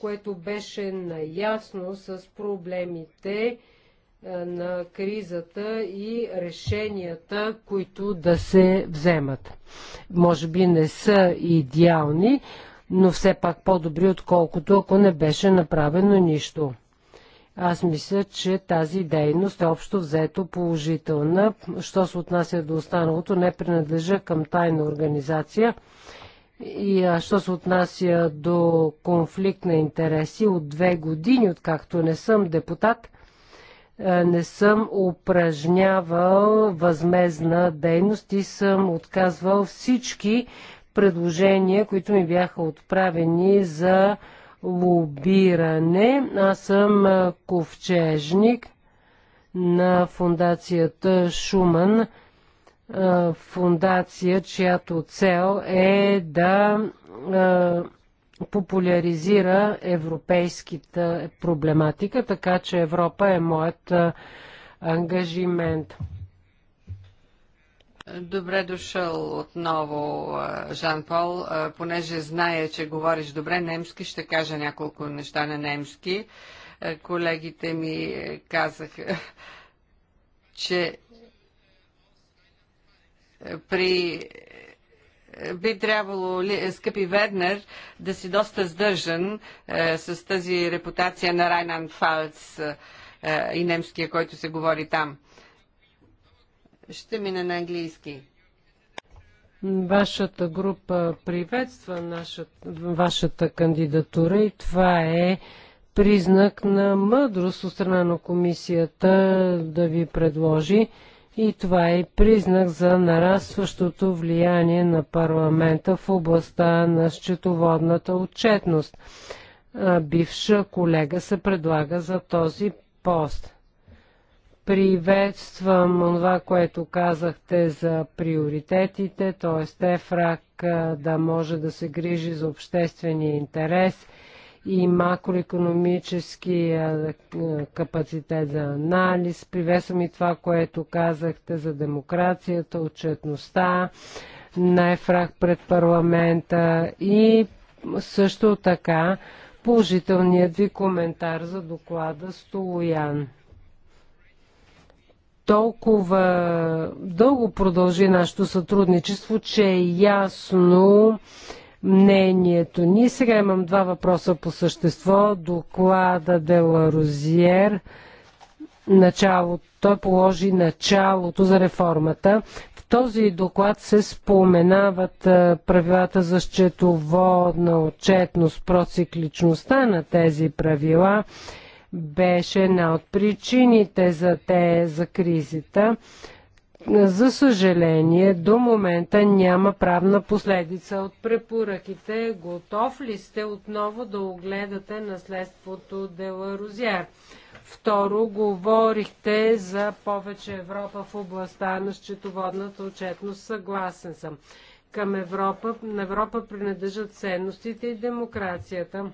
което беше наясно с проблемите на кризата и решенията, които да се вземат. Може би не са идеални, но все пак по-добри, отколкото ако не беше направено нищо. Аз мисля, че тази дейност е общо взето положителна. Що се отнася до останалото, не принадлежа към тайна организация. И а, що се отнася до конфликт на интереси, от две години, откакто не съм депутат, е, не съм упражнявал възмезна дейност и съм отказвал всички предложения, които ми бяха отправени за лобиране. Аз съм ковчежник на фундацията Шуман, фундация, чиято цел е да популяризира европейската проблематика, така че Европа е моят ангажимент. Добре дошъл отново, Жан-Пол. Понеже зная, че говориш добре немски, ще кажа няколко неща на немски. Колегите ми е, казаха, че е, при е, би трябвало, скъпи Вернер, да си доста сдържан е, с тази репутация на Райнан Фалц е, и немския, който се говори там. Ще мина на английски. Вашата група приветства нашата, вашата кандидатура и това е признак на мъдрост от страна на комисията да ви предложи и това е признак за нарастващото влияние на парламента в областта на счетоводната отчетност. Бивша колега се предлага за този пост. Приветствам това, което казахте за приоритетите, т.е. ЕФРАК да може да се грижи за обществения интерес и макроекономически капацитет за анализ. Приветствам и това, което казахте за демокрацията, отчетността на ЕФРАК пред парламента и също така положителният ви коментар за доклада Столоян толкова дълго продължи нашето сътрудничество, че е ясно мнението ни. Сега имам два въпроса по същество. Доклада Розиер, началото, той положи началото за реформата. В този доклад се споменават правилата за счетоводна отчетност, процикличността на тези правила – беше една от причините за, те, за кризата. За съжаление, до момента няма правна последица от препоръките. Готов ли сте отново да огледате наследството Деларузяр? Второ, говорихте за повече Европа в областта на счетоводната отчетност. Съгласен съм. Към Европа, на Европа принадлежат ценностите и демокрацията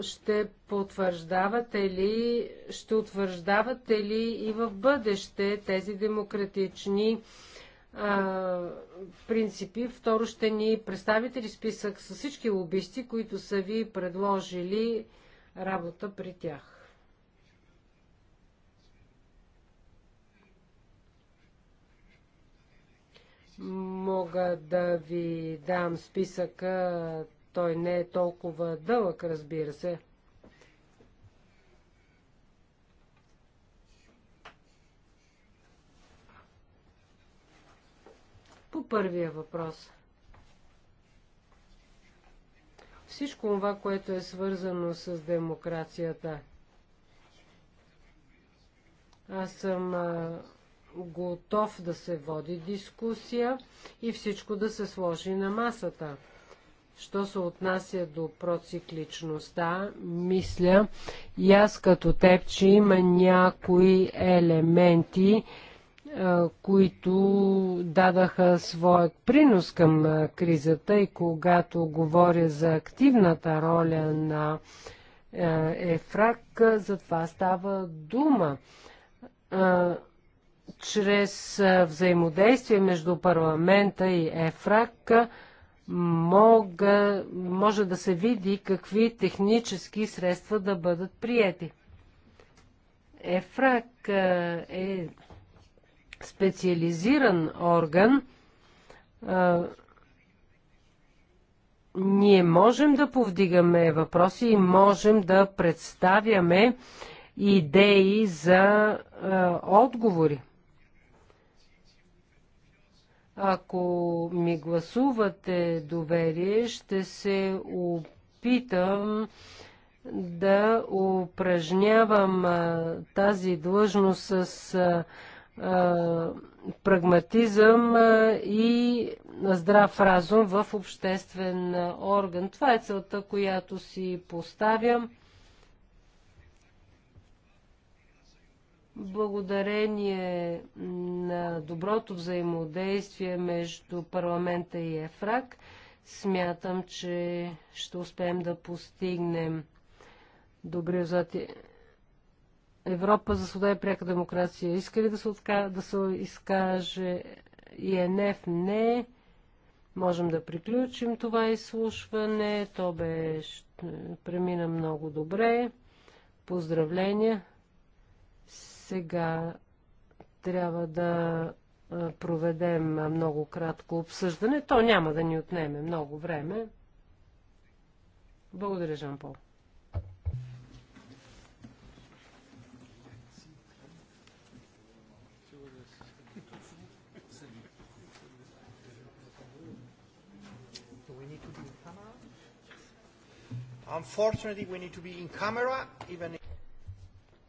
ще потвърждавате ли, ще утвърждавате ли и в бъдеще тези демократични а, принципи? Второ, ще ни представите ли списък с всички лобисти, които са ви предложили работа при тях? Мога да ви дам списъка той не е толкова дълъг, разбира се. По първия въпрос. Всичко това, което е свързано с демокрацията. Аз съм готов да се води дискусия и всичко да се сложи на масата. Що се отнася до процикличността, мисля и аз като теб, че има някои елементи, които дадаха своят принос към кризата и когато говоря за активната роля на Ефрак, за това става дума. Чрез взаимодействие между парламента и Ефрак, мога, може да се види какви технически средства да бъдат приети. ЕФРАК е специализиран орган. ние можем да повдигаме въпроси и можем да представяме идеи за отговори. Ако ми гласувате доверие, ще се опитам да упражнявам а, тази длъжност с а, а, прагматизъм и здрав разум в обществен орган. Това е целта, която си поставям. Благодарение на доброто взаимодействие между парламента и ЕФРАК, смятам, че ще успеем да постигнем добри резултати. Европа за свобода и пряка демокрация иска ли да се, отка... да се изкаже ИНФ? Е не. Можем да приключим това изслушване. То бе... премина много добре. Поздравления! Сега трябва да проведем много кратко обсъждане. То няма да ни отнеме много време. Благодаря, Жан Пол. Unfortunately, we need to be in camera, even if...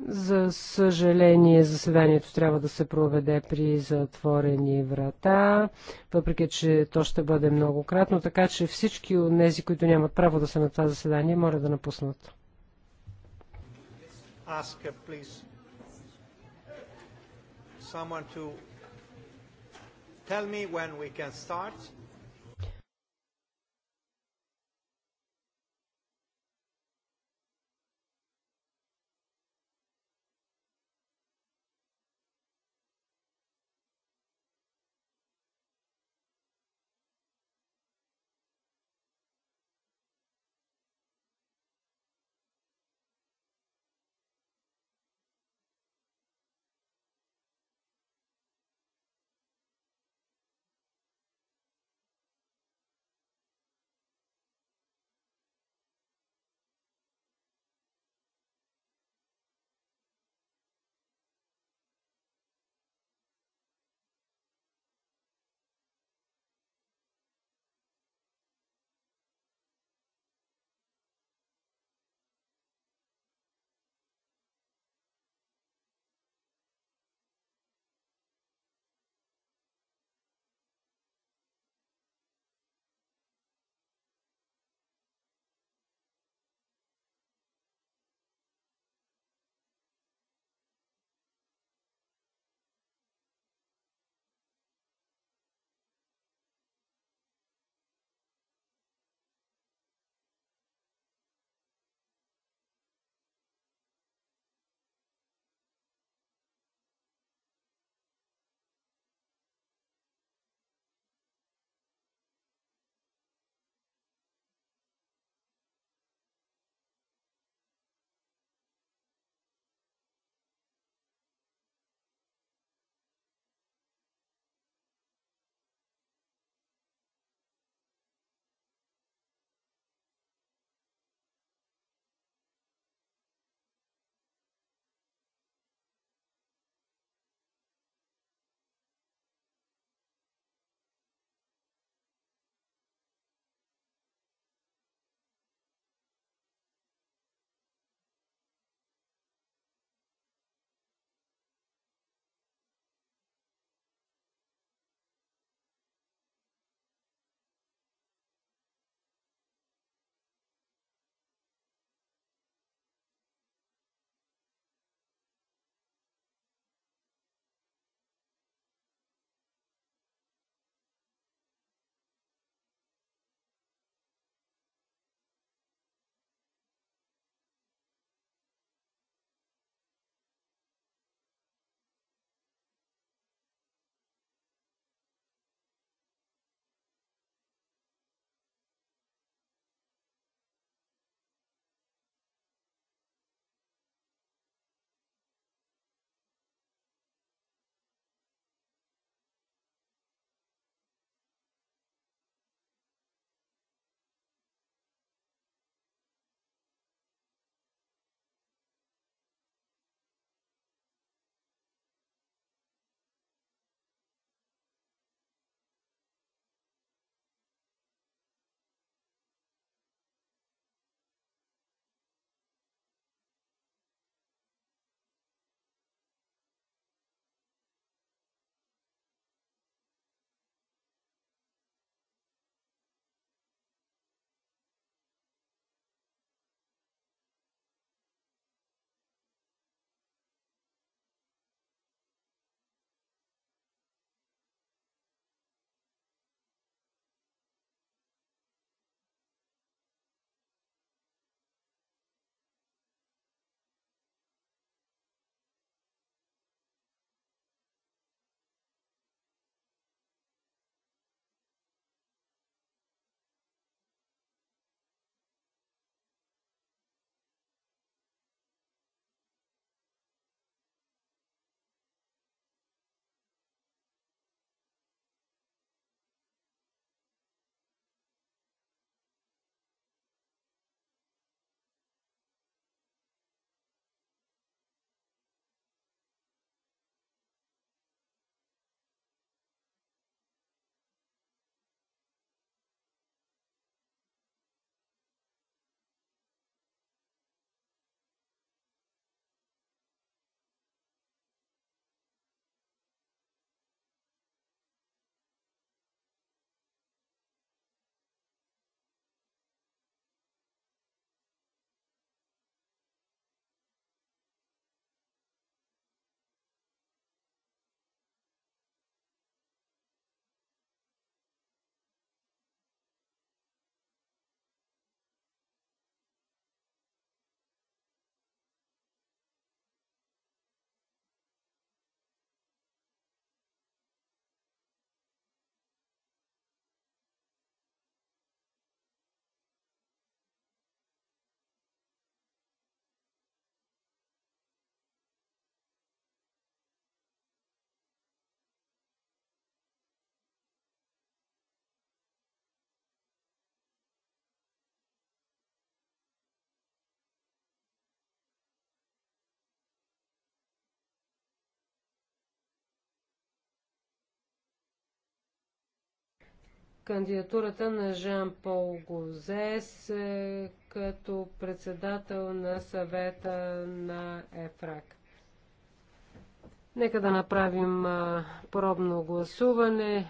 За съжаление, заседанието трябва да се проведе при затворени врата, въпреки че то ще бъде много кратно, така че всички от тези, които нямат право да са на това заседание, моля да напуснат. Ask, uh, кандидатурата на Жан-Пол Гозес е, като председател на съвета на ЕФРАК. Нека да направим пробно гласуване.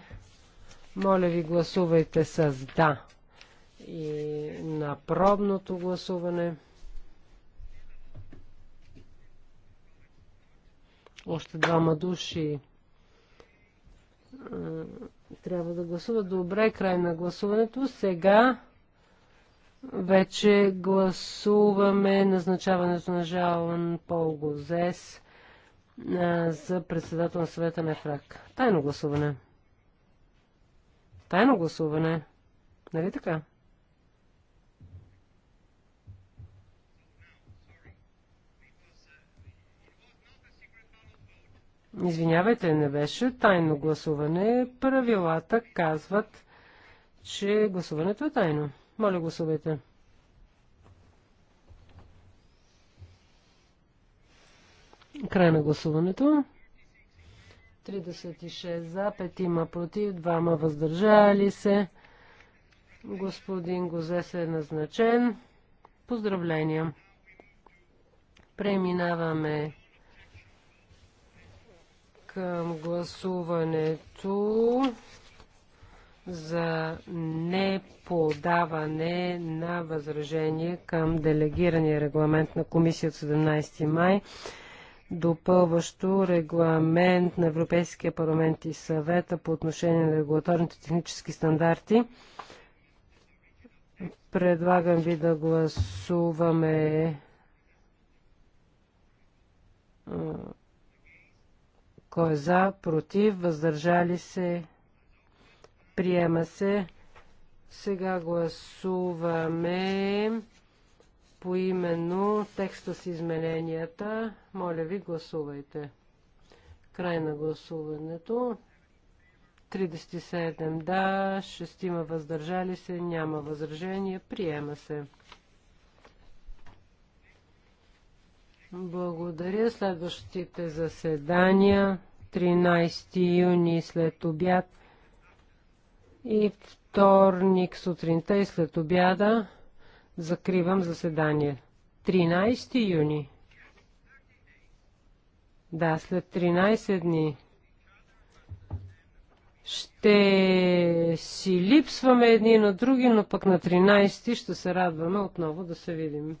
Моля ви, гласувайте с да и на пробното гласуване. Още двама души трябва да гласува. Добре, край на гласуването. Сега вече гласуваме назначаването на Жалан Пол Гозес за председател на съвета на Ефрак. Тайно гласуване. Тайно гласуване. Нали така? Извинявайте, не беше тайно гласуване. Правилата казват, че гласуването е тайно. Моля, гласувайте. Край на гласуването. 36 за, 5 има против, 2 ма въздържали се. Господин Гозес е назначен. Поздравления. Преминаваме към гласуването за неподаване на възражение към делегирания регламент на комисия от 17 май, допълващо регламент на Европейския парламент и съвета по отношение на регулаторните технически стандарти. Предлагам ви да гласуваме кой е за, против, въздържали се, приема се. Сега гласуваме поименно текста с измененията. Моля ви, гласувайте. Край на гласуването. 37 да, 6 въздържали се, няма възражение, приема се. Благодаря. Следващите заседания 13 юни след обяд и вторник сутринта и след обяда закривам заседание. 13 юни. Да, след 13 дни. Ще си липсваме едни на други, но пък на 13 ще се радваме отново да се видим.